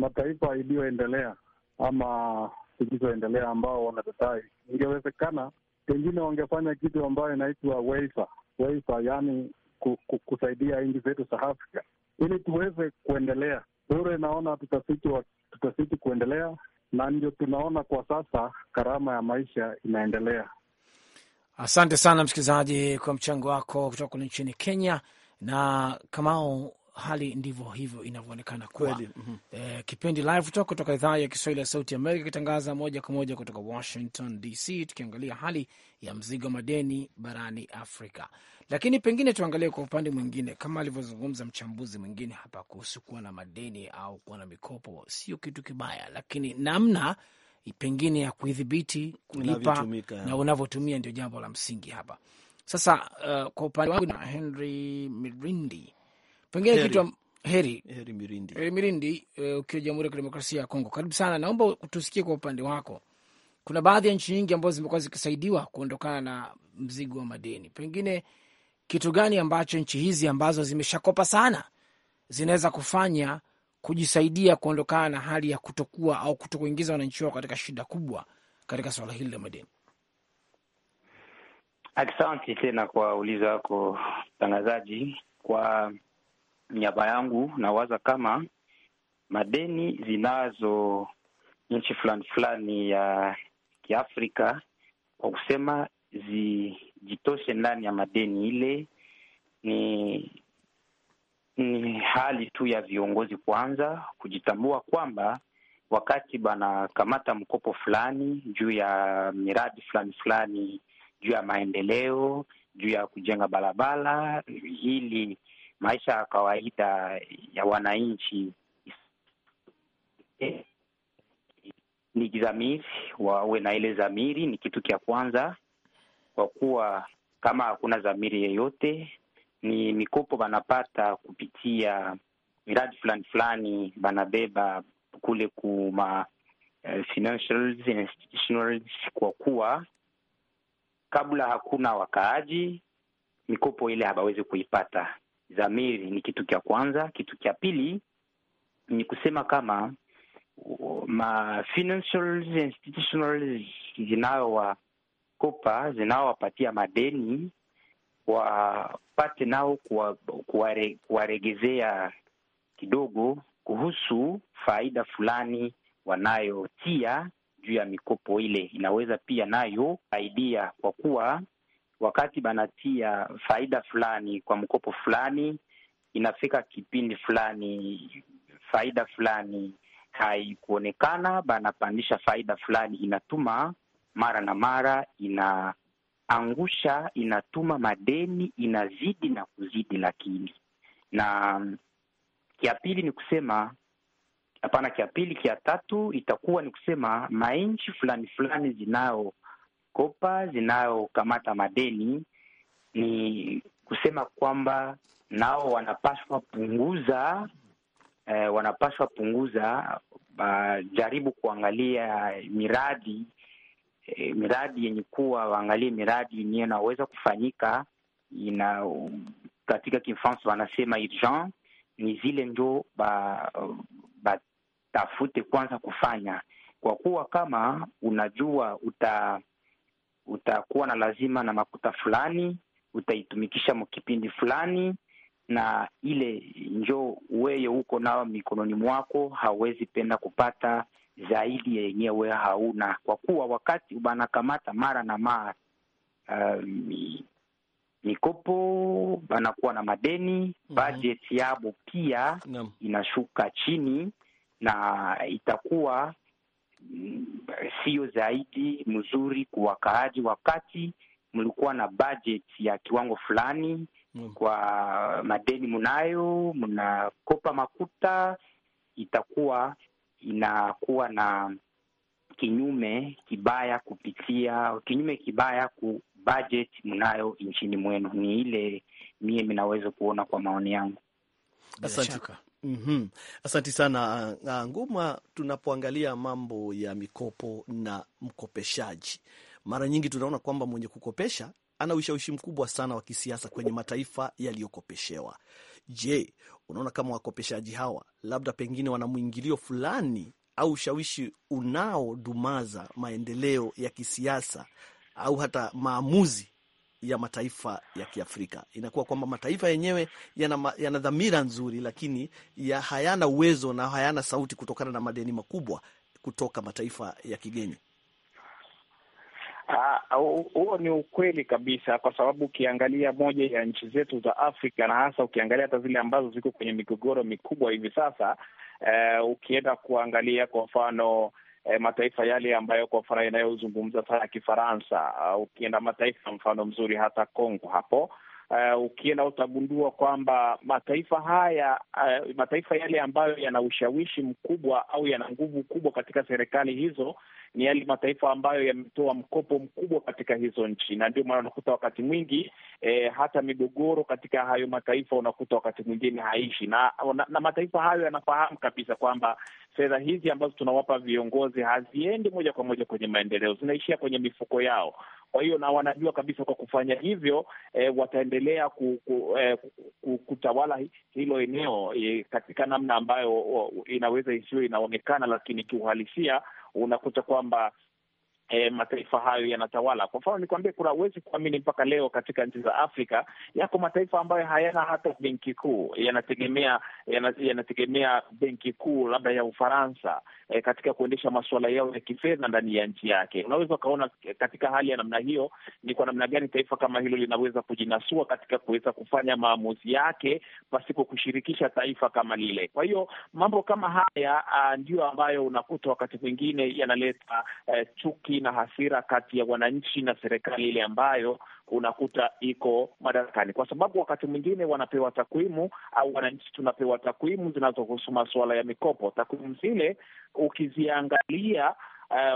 mataifa iliyoendelea ama zilizoendelea ambao wanadai, ingewezekana pengine wangefanya kitu ambayo inaitwa waiver waiver, yaani kusaidia nchi zetu za Afrika ili tuweze kuendelea. Bure naona tutasiti kuendelea, na ndio tunaona kwa sasa gharama ya maisha inaendelea. Asante sana msikilizaji kwa mchango wako kutoka kule nchini Kenya. Na Kamao, hali ndivyo hivyo inavyoonekana kuwa. mm -hmm. E, kipindi Live Talk kutoka idhaa ya Kiswahili ya Sauti Amerika ikitangaza moja kwa moja kutoka Washington DC, tukiangalia hali ya mzigo wa madeni barani Afrika. Lakini pengine tuangalie kwa upande mwingine, kama alivyozungumza mchambuzi mwingine hapa kuhusu kuwa na madeni au kuwa na mikopo sio kitu kibaya, lakini namna pengine ya kuidhibiti, kulipa na unavyotumia ndio jambo la msingi hapa. Sasa uh, kwa upande wangu na Henry Mirindi Pengine kitu Heri, Heri Mirindi, Heri Mirindi eh, ukiwa uh, Jamhuri ya Kidemokrasia ya Kongo, karibu sana. Naomba tusikie kwa upande wako. Kuna baadhi ya nchi nyingi ambazo zimekuwa zikisaidiwa kuondokana na mzigo wa madeni, pengine kitu gani ambacho nchi hizi ambazo zimeshakopa sana zinaweza kufanya kujisaidia kuondokana na hali ya kutokuwa au kutokuingiza wananchi wao katika shida kubwa katika suala hili la madeni? Asante tena kwa ulizo wako mtangazaji kwa niaba yangu nawaza kama madeni zinazo nchi fulani fulani ya Kiafrika kwa kusema zijitoshe ndani ya madeni ile, ni ni hali tu ya viongozi kwanza kujitambua kwamba wakati banakamata mkopo fulani juu ya miradi fulani fulani, juu ya maendeleo, juu ya kujenga barabara, ili maisha ya kawaida ya wananchi ni jamii wawe na ile dhamiri, ni kitu cha kwanza, kwa kuwa kama hakuna dhamiri yeyote, ni mikopo wanapata kupitia miradi fulani fulani banabeba kule kuma uh, eh, kwa kuwa kabla hakuna wakaaji mikopo ile hawawezi kuipata dhamiri ni kitu cha kwanza. Kitu cha pili ni kusema kama ma financial institutions zinaowakopa zinaowapatia madeni wapate nao kuwaregezea kuare, kidogo kuhusu faida fulani wanayotia juu ya mikopo ile. Inaweza pia nayo saidia kwa kuwa wakati banatia faida fulani kwa mkopo fulani, inafika kipindi fulani faida fulani haikuonekana, banapandisha faida fulani, inatuma mara na mara inaangusha, inatuma madeni inazidi na kuzidi. Lakini na kia pili ni kusema hapana, kia pili, kia tatu itakuwa ni kusema mainchi fulani fulani zinayo kukopa, zinayokamata madeni, ni kusema kwamba nao wanapaswa punguza eh, wanapaswa punguza uh, jaribu kuangalia miradi eh, miradi yenye kuwa waangalie miradi yenyewe naweza kufanyika ina katika kifrans wanasema urgent, ni zile njo batafute ba kwanza kufanya, kwa kuwa kama unajua uta utakuwa na lazima na makuta fulani utaitumikisha kipindi fulani, na ile njo weye uko nao mikononi mwako, hauwezi penda kupata zaidi ya yenyewe hauna, kwa kuwa wakati banakamata mara na mara uh, mikopo banakuwa na madeni, mhm. budget yabo pia inashuka chini, na itakuwa sio zaidi mzuri kwa wakaaji, wakati mlikuwa na budget ya kiwango fulani mm. Kwa madeni mnayo, mnakopa makuta, itakuwa inakuwa na kinyume kibaya kupitia kinyume kibaya ku budget mnayo nchini mwenu. Ni ile mie minaweza kuona kwa maoni yangu. Asante, Mm -hmm. Asanti sana uh, uh, Nguma. Tunapoangalia mambo ya mikopo na mkopeshaji, mara nyingi tunaona kwamba mwenye kukopesha ana ushawishi mkubwa sana wa kisiasa kwenye mataifa yaliyokopeshewa. Je, unaona kama wakopeshaji hawa labda pengine wana mwingilio fulani au ushawishi unaodumaza maendeleo ya kisiasa au hata maamuzi ya mataifa ya Kiafrika. Inakuwa kwamba mataifa yenyewe yana, yana dhamira nzuri, lakini ya hayana uwezo na hayana sauti kutokana na madeni makubwa kutoka mataifa ya kigeni. Ah, huo ni ukweli kabisa, kwa sababu ukiangalia moja ya nchi zetu za Afrika na hasa ukiangalia hata zile ambazo ziko kwenye migogoro mikubwa hivi sasa, uh, ukienda kuangalia kwa mfano eh, mataifa yale ambayo kwa fara inayozungumza sana Kifaransa. Uh, ukienda mataifa mfano mzuri hata congo hapo Uh, ukienda utagundua kwamba mataifa haya uh, mataifa yale ambayo yana ushawishi mkubwa au yana nguvu kubwa katika serikali hizo ni yale mataifa ambayo yametoa mkopo mkubwa katika hizo nchi, na ndio maana unakuta wakati mwingi e, hata migogoro katika hayo mataifa unakuta wakati mwingine haishi na, na, na mataifa hayo yanafahamu kabisa kwamba fedha hizi ambazo tunawapa viongozi haziendi moja kwa moja kwenye maendeleo, zinaishia kwenye mifuko yao. Kwa hiyo na wanajua kabisa kwa kufanya hivyo e, wataendelea ku, ku, e, ku, kutawala hilo eneo e, katika namna ambayo inaweza isiyo inaonekana, lakini kiuhalisia unakuta kwamba e, mataifa hayo yanatawala. Kwa mfano nikuambie, kuna uwezi kuamini, mpaka leo katika nchi za Afrika yako mataifa ambayo hayana hata benki kuu, yanategemea yanategemea benki kuu labda ya Ufaransa e, katika kuendesha masuala yao ya kifedha ndani ya nchi yake. Unaweza ukaona katika hali ya namna hiyo ni kwa namna gani taifa kama hilo linaweza kujinasua katika kuweza kufanya maamuzi yake pasipo kushirikisha taifa kama lile. Kwa hiyo mambo kama haya ndio ndiyo ambayo unakuta wakati mwingine yanaleta e, chuki na hasira kati ya wananchi na serikali ile ambayo unakuta iko madarakani, kwa sababu wakati mwingine wanapewa takwimu au wananchi tunapewa takwimu zinazohusu masuala ya mikopo. Takwimu zile ukiziangalia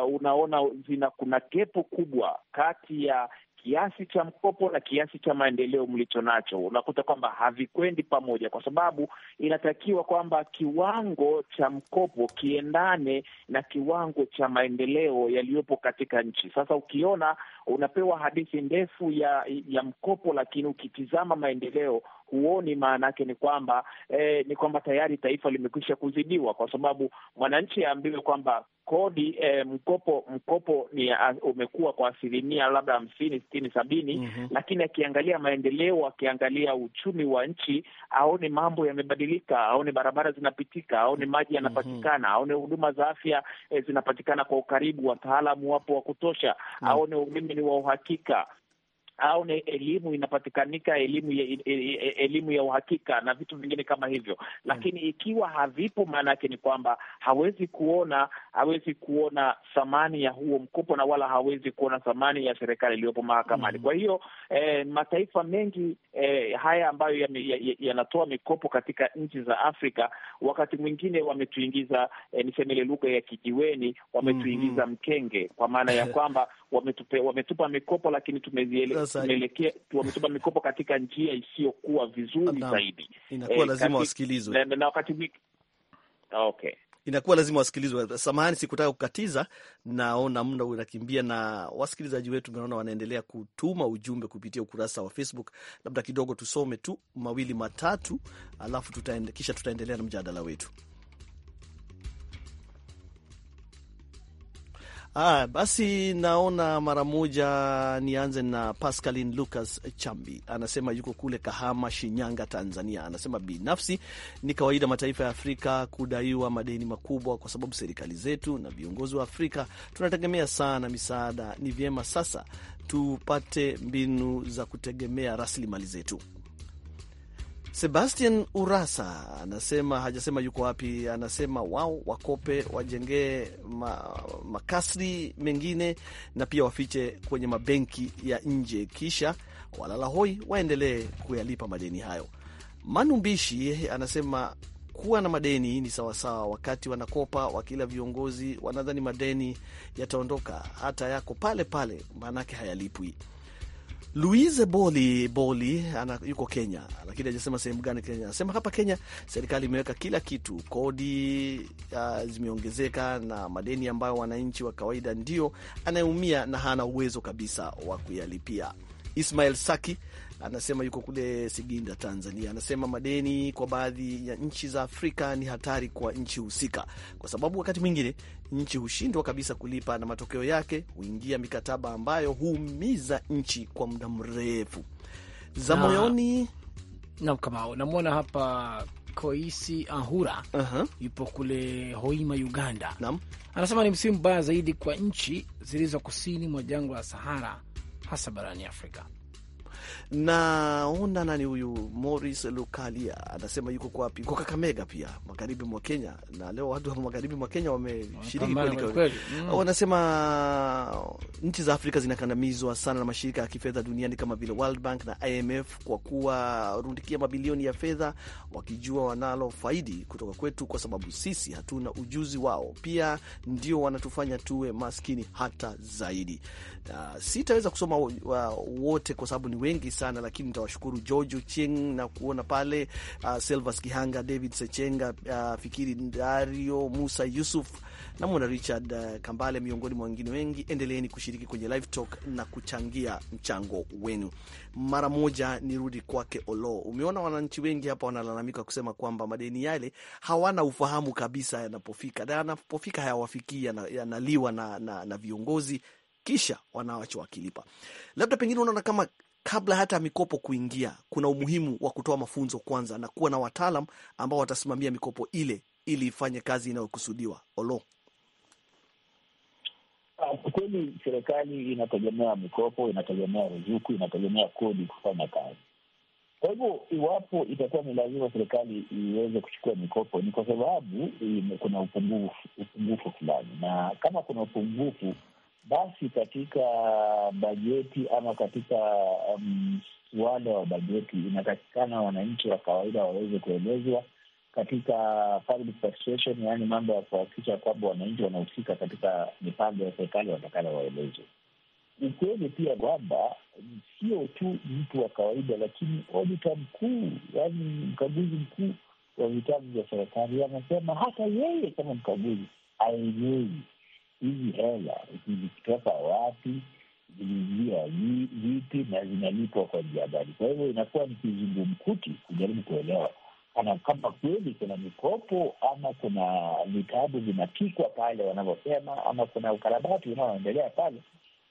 Uh, unaona zina kuna gepu kubwa kati ya kiasi cha mkopo na kiasi cha maendeleo mlicho nacho, unakuta kwamba havikwendi pamoja, kwa sababu inatakiwa kwamba kiwango cha mkopo kiendane na kiwango cha maendeleo yaliyopo katika nchi. Sasa ukiona unapewa hadithi ndefu ya ya mkopo, lakini ukitizama maendeleo huoni, maana yake ni kwamba eh, ni kwamba tayari taifa limekwisha kuzidiwa, kwa sababu mwananchi aambiwe kwamba kodi eh, mkopo mkopo ni uh, umekuwa kwa asilimia labda hamsini sitini sabini mm -hmm. Lakini akiangalia maendeleo, akiangalia uchumi wa nchi, aone mambo yamebadilika, aone barabara zinapitika, aone maji mhm. yanapatikana mm -hmm. aone huduma za afya eh, zinapatikana kwa ukaribu, wataalamu wapo wa kutosha mm -hmm. aone umeme ni wa uhakika au ni elimu inapatikanika, elimu ya, elimu ya uhakika na vitu vingine kama hivyo, lakini mm. ikiwa havipo, maana yake ni kwamba hawezi kuona hawezi kuona thamani ya huo mkopo na wala hawezi kuona thamani ya serikali iliyopo mahakamani. mm. Kwa hiyo eh, mataifa mengi eh, haya ambayo yanatoa ya, ya mikopo katika nchi za Afrika wakati mwingine wametuingiza eh, niseme ile lugha ya kijiweni wametuingiza mm -hmm. mkenge, kwa maana ya [laughs] kwamba wametupe, wametupa mikopo lakini tumeziele tunaelekea wamechukua mikopo katika njia isiyokuwa vizuri zaidi, inakuwa eh, lazima wasikilizwe na wakati okay inakuwa lazima wasikilizwe. Samahani, sikutaka kukatiza, naona muda unakimbia na wasikilizaji wetu naona wanaendelea kutuma ujumbe kupitia ukurasa wa Facebook. Labda kidogo tusome tu mawili matatu, alafu tutaende, kisha tutaendelea na mjadala wetu. Ah, basi naona mara moja nianze na Pascalin Lucas Chambi, anasema yuko kule Kahama, Shinyanga, Tanzania. Anasema binafsi ni kawaida mataifa ya Afrika kudaiwa madeni makubwa, kwa sababu serikali zetu na viongozi wa Afrika tunategemea sana misaada. Ni vyema sasa tupate mbinu za kutegemea rasilimali zetu. Sebastian Urasa anasema hajasema yuko wapi, anasema wao wakope, wajengee ma, makasri mengine na pia wafiche kwenye mabenki ya nje, kisha walala hoi waendelee kuyalipa madeni hayo. Manumbishi anasema kuwa na madeni ni sawasawa, wakati wanakopa wakila viongozi wanadhani madeni yataondoka, hata yako pale pale, maanake hayalipwi. Louise Boli Boli ana, yuko Kenya lakini hajasema sehemu gani Kenya. Anasema hapa Kenya serikali imeweka kila kitu, kodi uh, zimeongezeka na madeni ambayo wananchi wa kawaida ndio anayeumia na hana uwezo kabisa wa kuyalipia. Ismail Saki anasema yuko kule Siginda, Tanzania. Anasema madeni kwa baadhi ya nchi za Afrika ni hatari kwa nchi husika, kwa sababu wakati mwingine nchi hushindwa kabisa kulipa na matokeo yake huingia mikataba ambayo huumiza nchi kwa muda mrefu. za moyoni nakama Kamao, namwona hapa Koisi Ahura uh -huh. Yupo kule Hoima, Uganda Naam. Anasema ni msimu mbaya zaidi kwa nchi zilizo kusini mwa jangwa la Sahara, hasa barani Afrika. Naona nani huyu Moris Lukalia anasema yuko wapi? Kwa Kakamega pia magharibi mwa Kenya, na leo watu wa magharibi mwa Kenya wameshiriki kweli kweli. Mm. Wanasema nchi za Afrika zinakandamizwa sana na mashirika ya kifedha duniani kama vile World Bank na IMF kwa kuwarundikia mabilioni ya fedha wakijua wanalo faidi kutoka kwetu, kwa sababu sisi hatuna ujuzi wao, pia ndio wanatufanya tuwe maskini hata zaidi. Uh, sitaweza kusoma wote kwa sababu ni wengi sana, lakini nitawashukuru Jojo Ochieng na kuona pale uh, Selvas Kihanga, David Sechenga, uh, Fikiri Dario, Musa Yusuf na Richard uh, Kambale, miongoni mwa wengine wengi. Endeleeni kushiriki kwenye live talk na kuchangia mchango wenu. Mara moja nirudi kwake Olo. Umeona wananchi wengi hapa wanalalamika kusema kwamba madeni yale hawana ufahamu kabisa yanapofika, na yanapofika hayawafikii, yanaliwa na, na, na viongozi kisha wanawachwa wakilipa. Labda pengine unaona kama kabla hata mikopo kuingia, kuna umuhimu wa kutoa mafunzo kwanza na kuwa na wataalam ambao watasimamia mikopo ile ili ifanye kazi inayokusudiwa. Olo, ah, kweli serikali inategemea mikopo, inategemea ruzuku, inategemea kodi kufanya kazi. Kwa hivyo iwapo itakuwa ni lazima serikali iweze kuchukua mikopo, ni kwa sababu kuna upungufu upungufu fulani, na kama kuna upungufu basi katika bajeti ama katika msuala um, wa bajeti inatakikana wananchi wa kawaida waweze kuelezwa katika public participation, yaani mambo ya kuhakikisha kwamba wananchi wanahusika katika mipango ya serikali watakala waelezwe. Ukweli pia kwamba sio tu mtu wa kawaida, lakini odita mkuu, yaani mkaguzi mkuu wa vitabu vya serikali anasema hata yeye kama mkaguzi aelewi hizi hela zilitoka wapi, ziliingia vipi na zinalipwa kwa njia gani? Kwa hivyo inakuwa ni kizungumkuti kujaribu kuelewa ana kama kweli kuna mikopo ama kuna vitabu vinapikwa pale wanavyosema, ama kuna ukarabati unaoendelea pale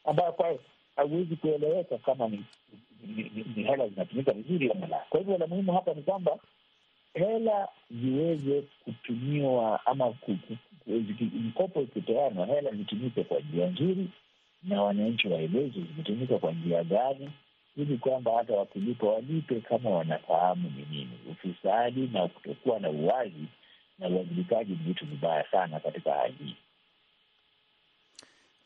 ambayo kwayo hauwezi kueleweka kama ni hela zinatumika vizuri ama la. Kwa hivyo la muhimu hapa ni kwamba hela ziweze kutumiwa ama mkopo ikitoanwa, hela zitumike kwa njia nzuri na wananchi waelezwe zimetumika kwa njia gani, ili kwamba hata wakilipa walipe kama wanafahamu ni nini. Ufisadi na kutokuwa na uwazi na uwajibikaji ni vitu vibaya sana katika hali hii.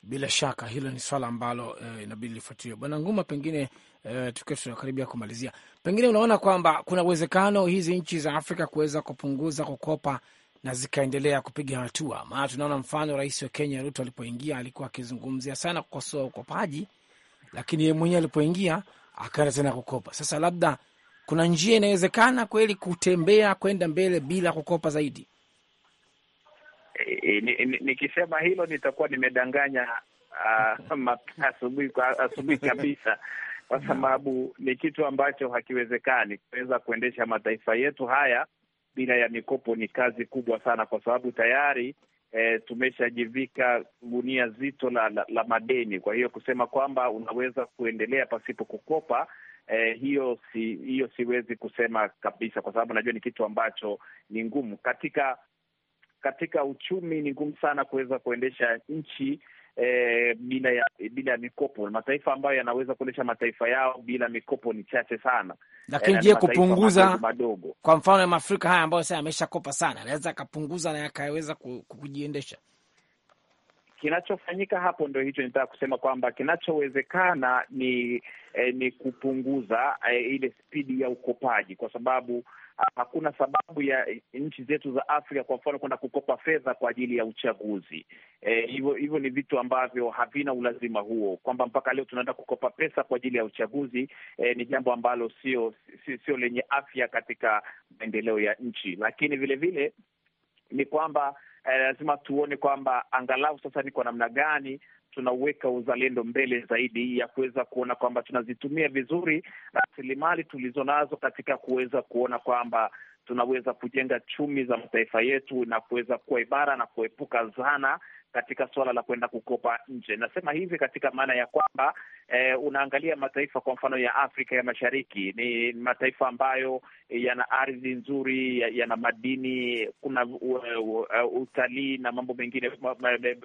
Bila shaka hilo ni swala ambalo eh, inabidi lifuatiwe. Bwana Nguma, pengine eh, tukiwa tunakaribia kumalizia, pengine unaona kwamba kuna uwezekano hizi nchi za Afrika kuweza kupunguza kukopa na zikaendelea kupiga hatua? Maana tunaona mfano rais wa Kenya Ruto alipoingia alikuwa akizungumzia sana kukosoa ukopaji, lakini yeye mwenyewe alipoingia akaenda tena kukopa. Sasa labda kuna njia inawezekana kweli kutembea kwenda mbele bila kukopa zaidi? Eh, nikisema hilo nitakuwa nimedanganya uh, [laughs] asubuhi asubuhi kabisa, kwa sababu ni kitu ambacho hakiwezekani kuweza kuendesha mataifa yetu haya bila ya mikopo. Ni kazi kubwa sana, kwa sababu tayari e, tumeshajivika gunia zito la, la, la madeni. Kwa hiyo kusema kwamba unaweza kuendelea pasipo kukopa e, hiyo si hiyo siwezi kusema kabisa, kwa sababu najua ni kitu ambacho ni ngumu. Katika katika uchumi ni ngumu sana kuweza kuendesha nchi E, bila ya bila ya mikopo. Mataifa ambayo yanaweza kuendesha mataifa yao bila mikopo ni chache sana, lakini eh, je, kupunguza madogo, kwa mfano ya Afrika haya ambayo sasa yameshakopa sana, anaweza akapunguza na yakaweza kujiendesha. Kinachofanyika hapo ndio hicho nitaka kusema kwamba kinachowezekana ni eh, ni kupunguza eh, ile spidi ya ukopaji kwa sababu hakuna sababu ya nchi zetu za Afrika kwa mfano kwenda kukopa fedha kwa ajili ya uchaguzi. E, hivyo e, hivyo ni vitu ambavyo havina ulazima huo, kwamba mpaka leo tunaenda kukopa pesa kwa ajili ya uchaguzi e, ni jambo ambalo sio sio lenye afya katika maendeleo ya nchi. Lakini vilevile vile ni kwamba e, lazima eh, tuone kwamba angalau sasa ni kwa namna gani tunaweka uzalendo mbele zaidi ya kuweza kuona kwamba tunazitumia vizuri rasilimali tulizo nazo katika kuweza kuona kwamba tunaweza kujenga chumi za mataifa yetu na kuweza kuwa ibara na kuepuka zana katika suala la kwenda kukopa nje. Nasema hivi katika maana ya kwamba eh, unaangalia mataifa kwa mfano ya Afrika ya Mashariki, ni mataifa ambayo yana ardhi nzuri, yana madini, kuna uh, uh, utalii na mambo mengine,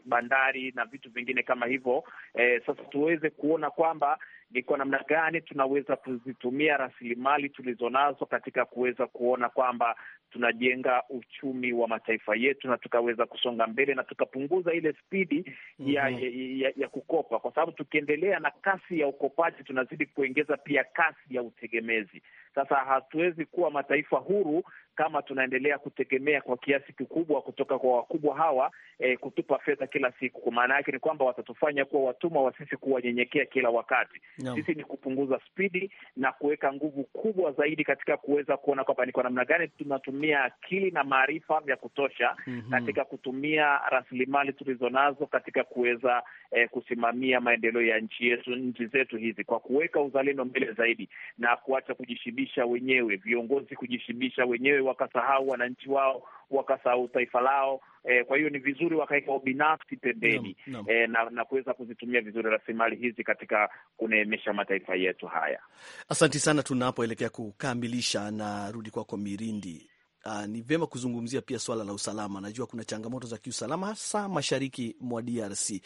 bandari na vitu vingine kama hivyo. Eh, sasa tuweze kuona kwamba ni kwa namna gani tunaweza kuzitumia rasilimali tulizonazo katika kuweza kuona kwamba tunajenga uchumi wa mataifa yetu na tukaweza kusonga mbele na tukapunguza ile spidi ya, mm -hmm. ya, ya, ya kukopa, kwa sababu tukiendelea na kasi ya ukopaji tunazidi kuongeza pia kasi ya utegemezi. Sasa hatuwezi kuwa mataifa huru kama tunaendelea kutegemea kwa kiasi kikubwa kutoka kwa wakubwa hawa eh, kutupa fedha kila siku. Kwa maana yake ni kwamba watatufanya kuwa watumwa wa sisi kuwanyenyekea kila wakati no. Sisi ni kupunguza spidi na kuweka nguvu kubwa zaidi katika kuweza kuona kwamba ni kwa namna gani tunatumia akili na maarifa vya kutosha mm -hmm. katika kutumia rasilimali tulizonazo katika kuweza eh, kusimamia maendeleo ya nchi yetu, nchi zetu hizi kwa kuweka uzalendo mbele zaidi na kuacha kujishibisha wenyewe, viongozi kujishibisha wenyewe wakasahau wananchi wao wakasahau taifa lao. E, kwa hiyo ni vizuri wakaweka ubinafsi pembeni E, na, na kuweza kuzitumia vizuri rasilimali hizi katika kuneemesha mataifa yetu haya. asanti sana, tunapoelekea kukamilisha, narudi kwako Mirindi. Uh, ni vyema kuzungumzia pia swala la usalama. Najua kuna changamoto za kiusalama hasa mashariki mwa DRC. Uh,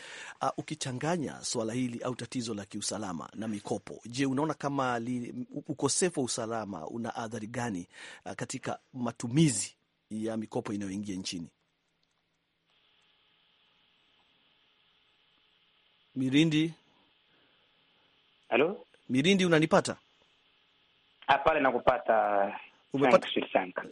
ah, ukichanganya swala hili au tatizo la kiusalama na mikopo, je, unaona kama li, ukosefu wa usalama una athari gani uh, katika matumizi ya mikopo inayoingia nchini? Mirindi, halo Mirindi, unanipata? Ah, pale nakupata. Umepata?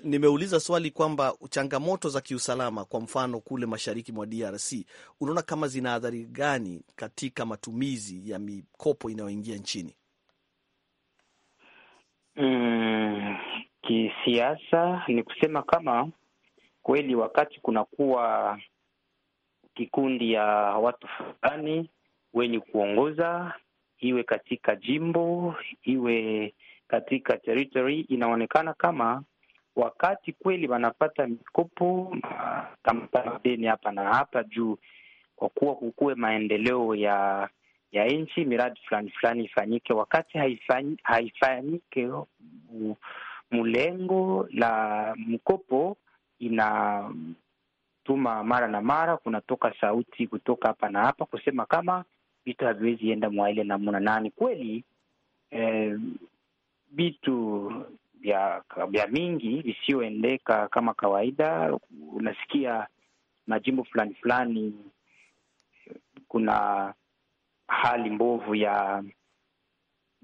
Nimeuliza swali kwamba changamoto za kiusalama kwa mfano kule mashariki mwa DRC unaona kama zina athari gani katika matumizi ya mikopo inayoingia nchini? Mm, kisiasa ni kusema kama kweli wakati kunakuwa kikundi ya watu fulani wenye kuongoza, iwe katika jimbo, iwe katika territory, inaonekana kama wakati kweli wanapata mikopo madeni hapa na hapa, juu kwa kuwa kukuwe maendeleo ya ya nchi, miradi fulani fulani ifanyike, wakati haifanyike mlengo la mkopo inatuma mara na mara, kunatoka sauti kutoka hapa na hapa kusema kama vitu haviwezi enda mwa ile muna nani kweli eh, vitu eh, vya, vya mingi visiyoendeka kama kawaida. Unasikia majimbo fulani fulani kuna hali mbovu ya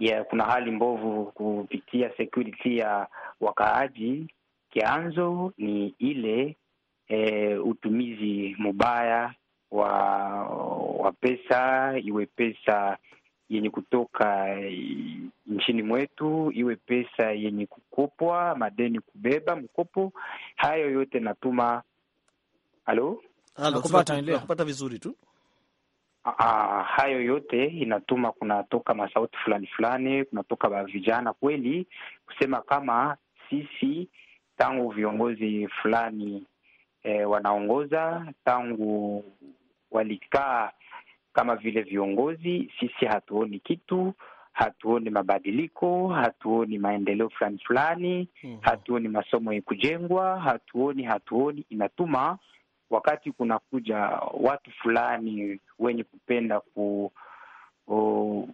yeah, kuna hali mbovu kupitia security ya wakaaji. Kianzo ni ile e, utumizi mubaya wa wa pesa, iwe pesa yenye kutoka eh, nchini mwetu, iwe pesa yenye kukopwa, madeni kubeba mkopo. Hayo yote natuma. Halo, nakupata vizuri tu. Aa, ah, ah, hayo yote inatuma kunatoka masauti fulani fulani, kunatoka vijana kweli kusema kama sisi tangu viongozi fulani e, wanaongoza tangu walikaa kama vile viongozi, sisi hatuoni kitu, hatuoni mabadiliko, hatuoni maendeleo fulani fulani, mm -hmm. hatuoni masomo ya kujengwa, hatuoni hatuoni, inatuma wakati kunakuja watu fulani wenye kupenda ku, o,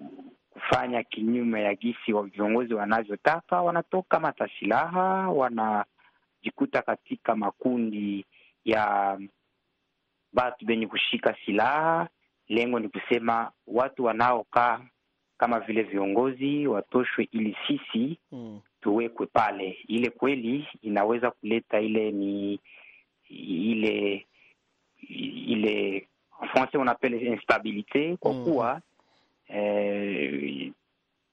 kufanya kinyume ya gisi wa viongozi wanavyotaka, wanatoka mata silaha, wanajikuta katika makundi ya batu benye kushika silaha. Lengo ni kusema watu wanaokaa kama vile viongozi watoshwe, ili sisi mm, tuwekwe pale. Ile kweli inaweza kuleta ile ni il est, il est, en français on appelle instabilité kwa kuwa mm. eh,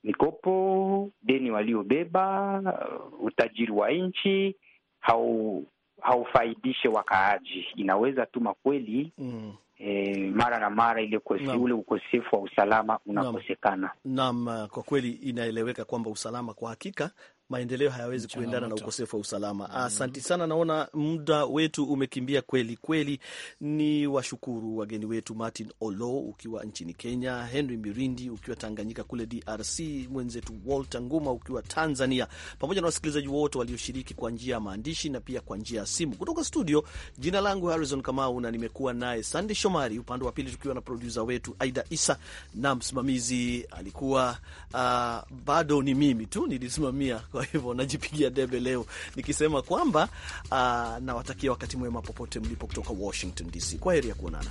mikopo deni waliobeba euh, utajiri wa nchi hau haufaidishe wakaaji, inaweza tuma kweli mm. E, mara na mara ile ule ukosefu wa usalama unakosekana. Naam, kwa kweli inaeleweka kwamba usalama kwa hakika maendeleo hayawezi kuendana na ukosefu wa usalama. Mm. Asanti sana, naona muda wetu umekimbia kweli kweli. Ni washukuru wageni wetu Martin Olo ukiwa nchini Kenya, Henry Mirindi ukiwa Tanganyika kule DRC, mwenzetu Walter Nguma ukiwa Tanzania, pamoja na wasikilizaji wote walioshiriki kwa njia ya maandishi na pia kwa njia ya simu kutoka studio. Jina langu Harrison Kamau na nimekuwa naye Sandy Shomari upande wa pili, tukiwa na produsa wetu Aida Isa na msimamizi alikuwa uh, bado ni mimi tu nilisimamia kwa hivyo najipigia debe leo nikisema kwamba uh, nawatakia wakati mwema popote mlipo, kutoka Washington DC. Kwa heri ya kuonana.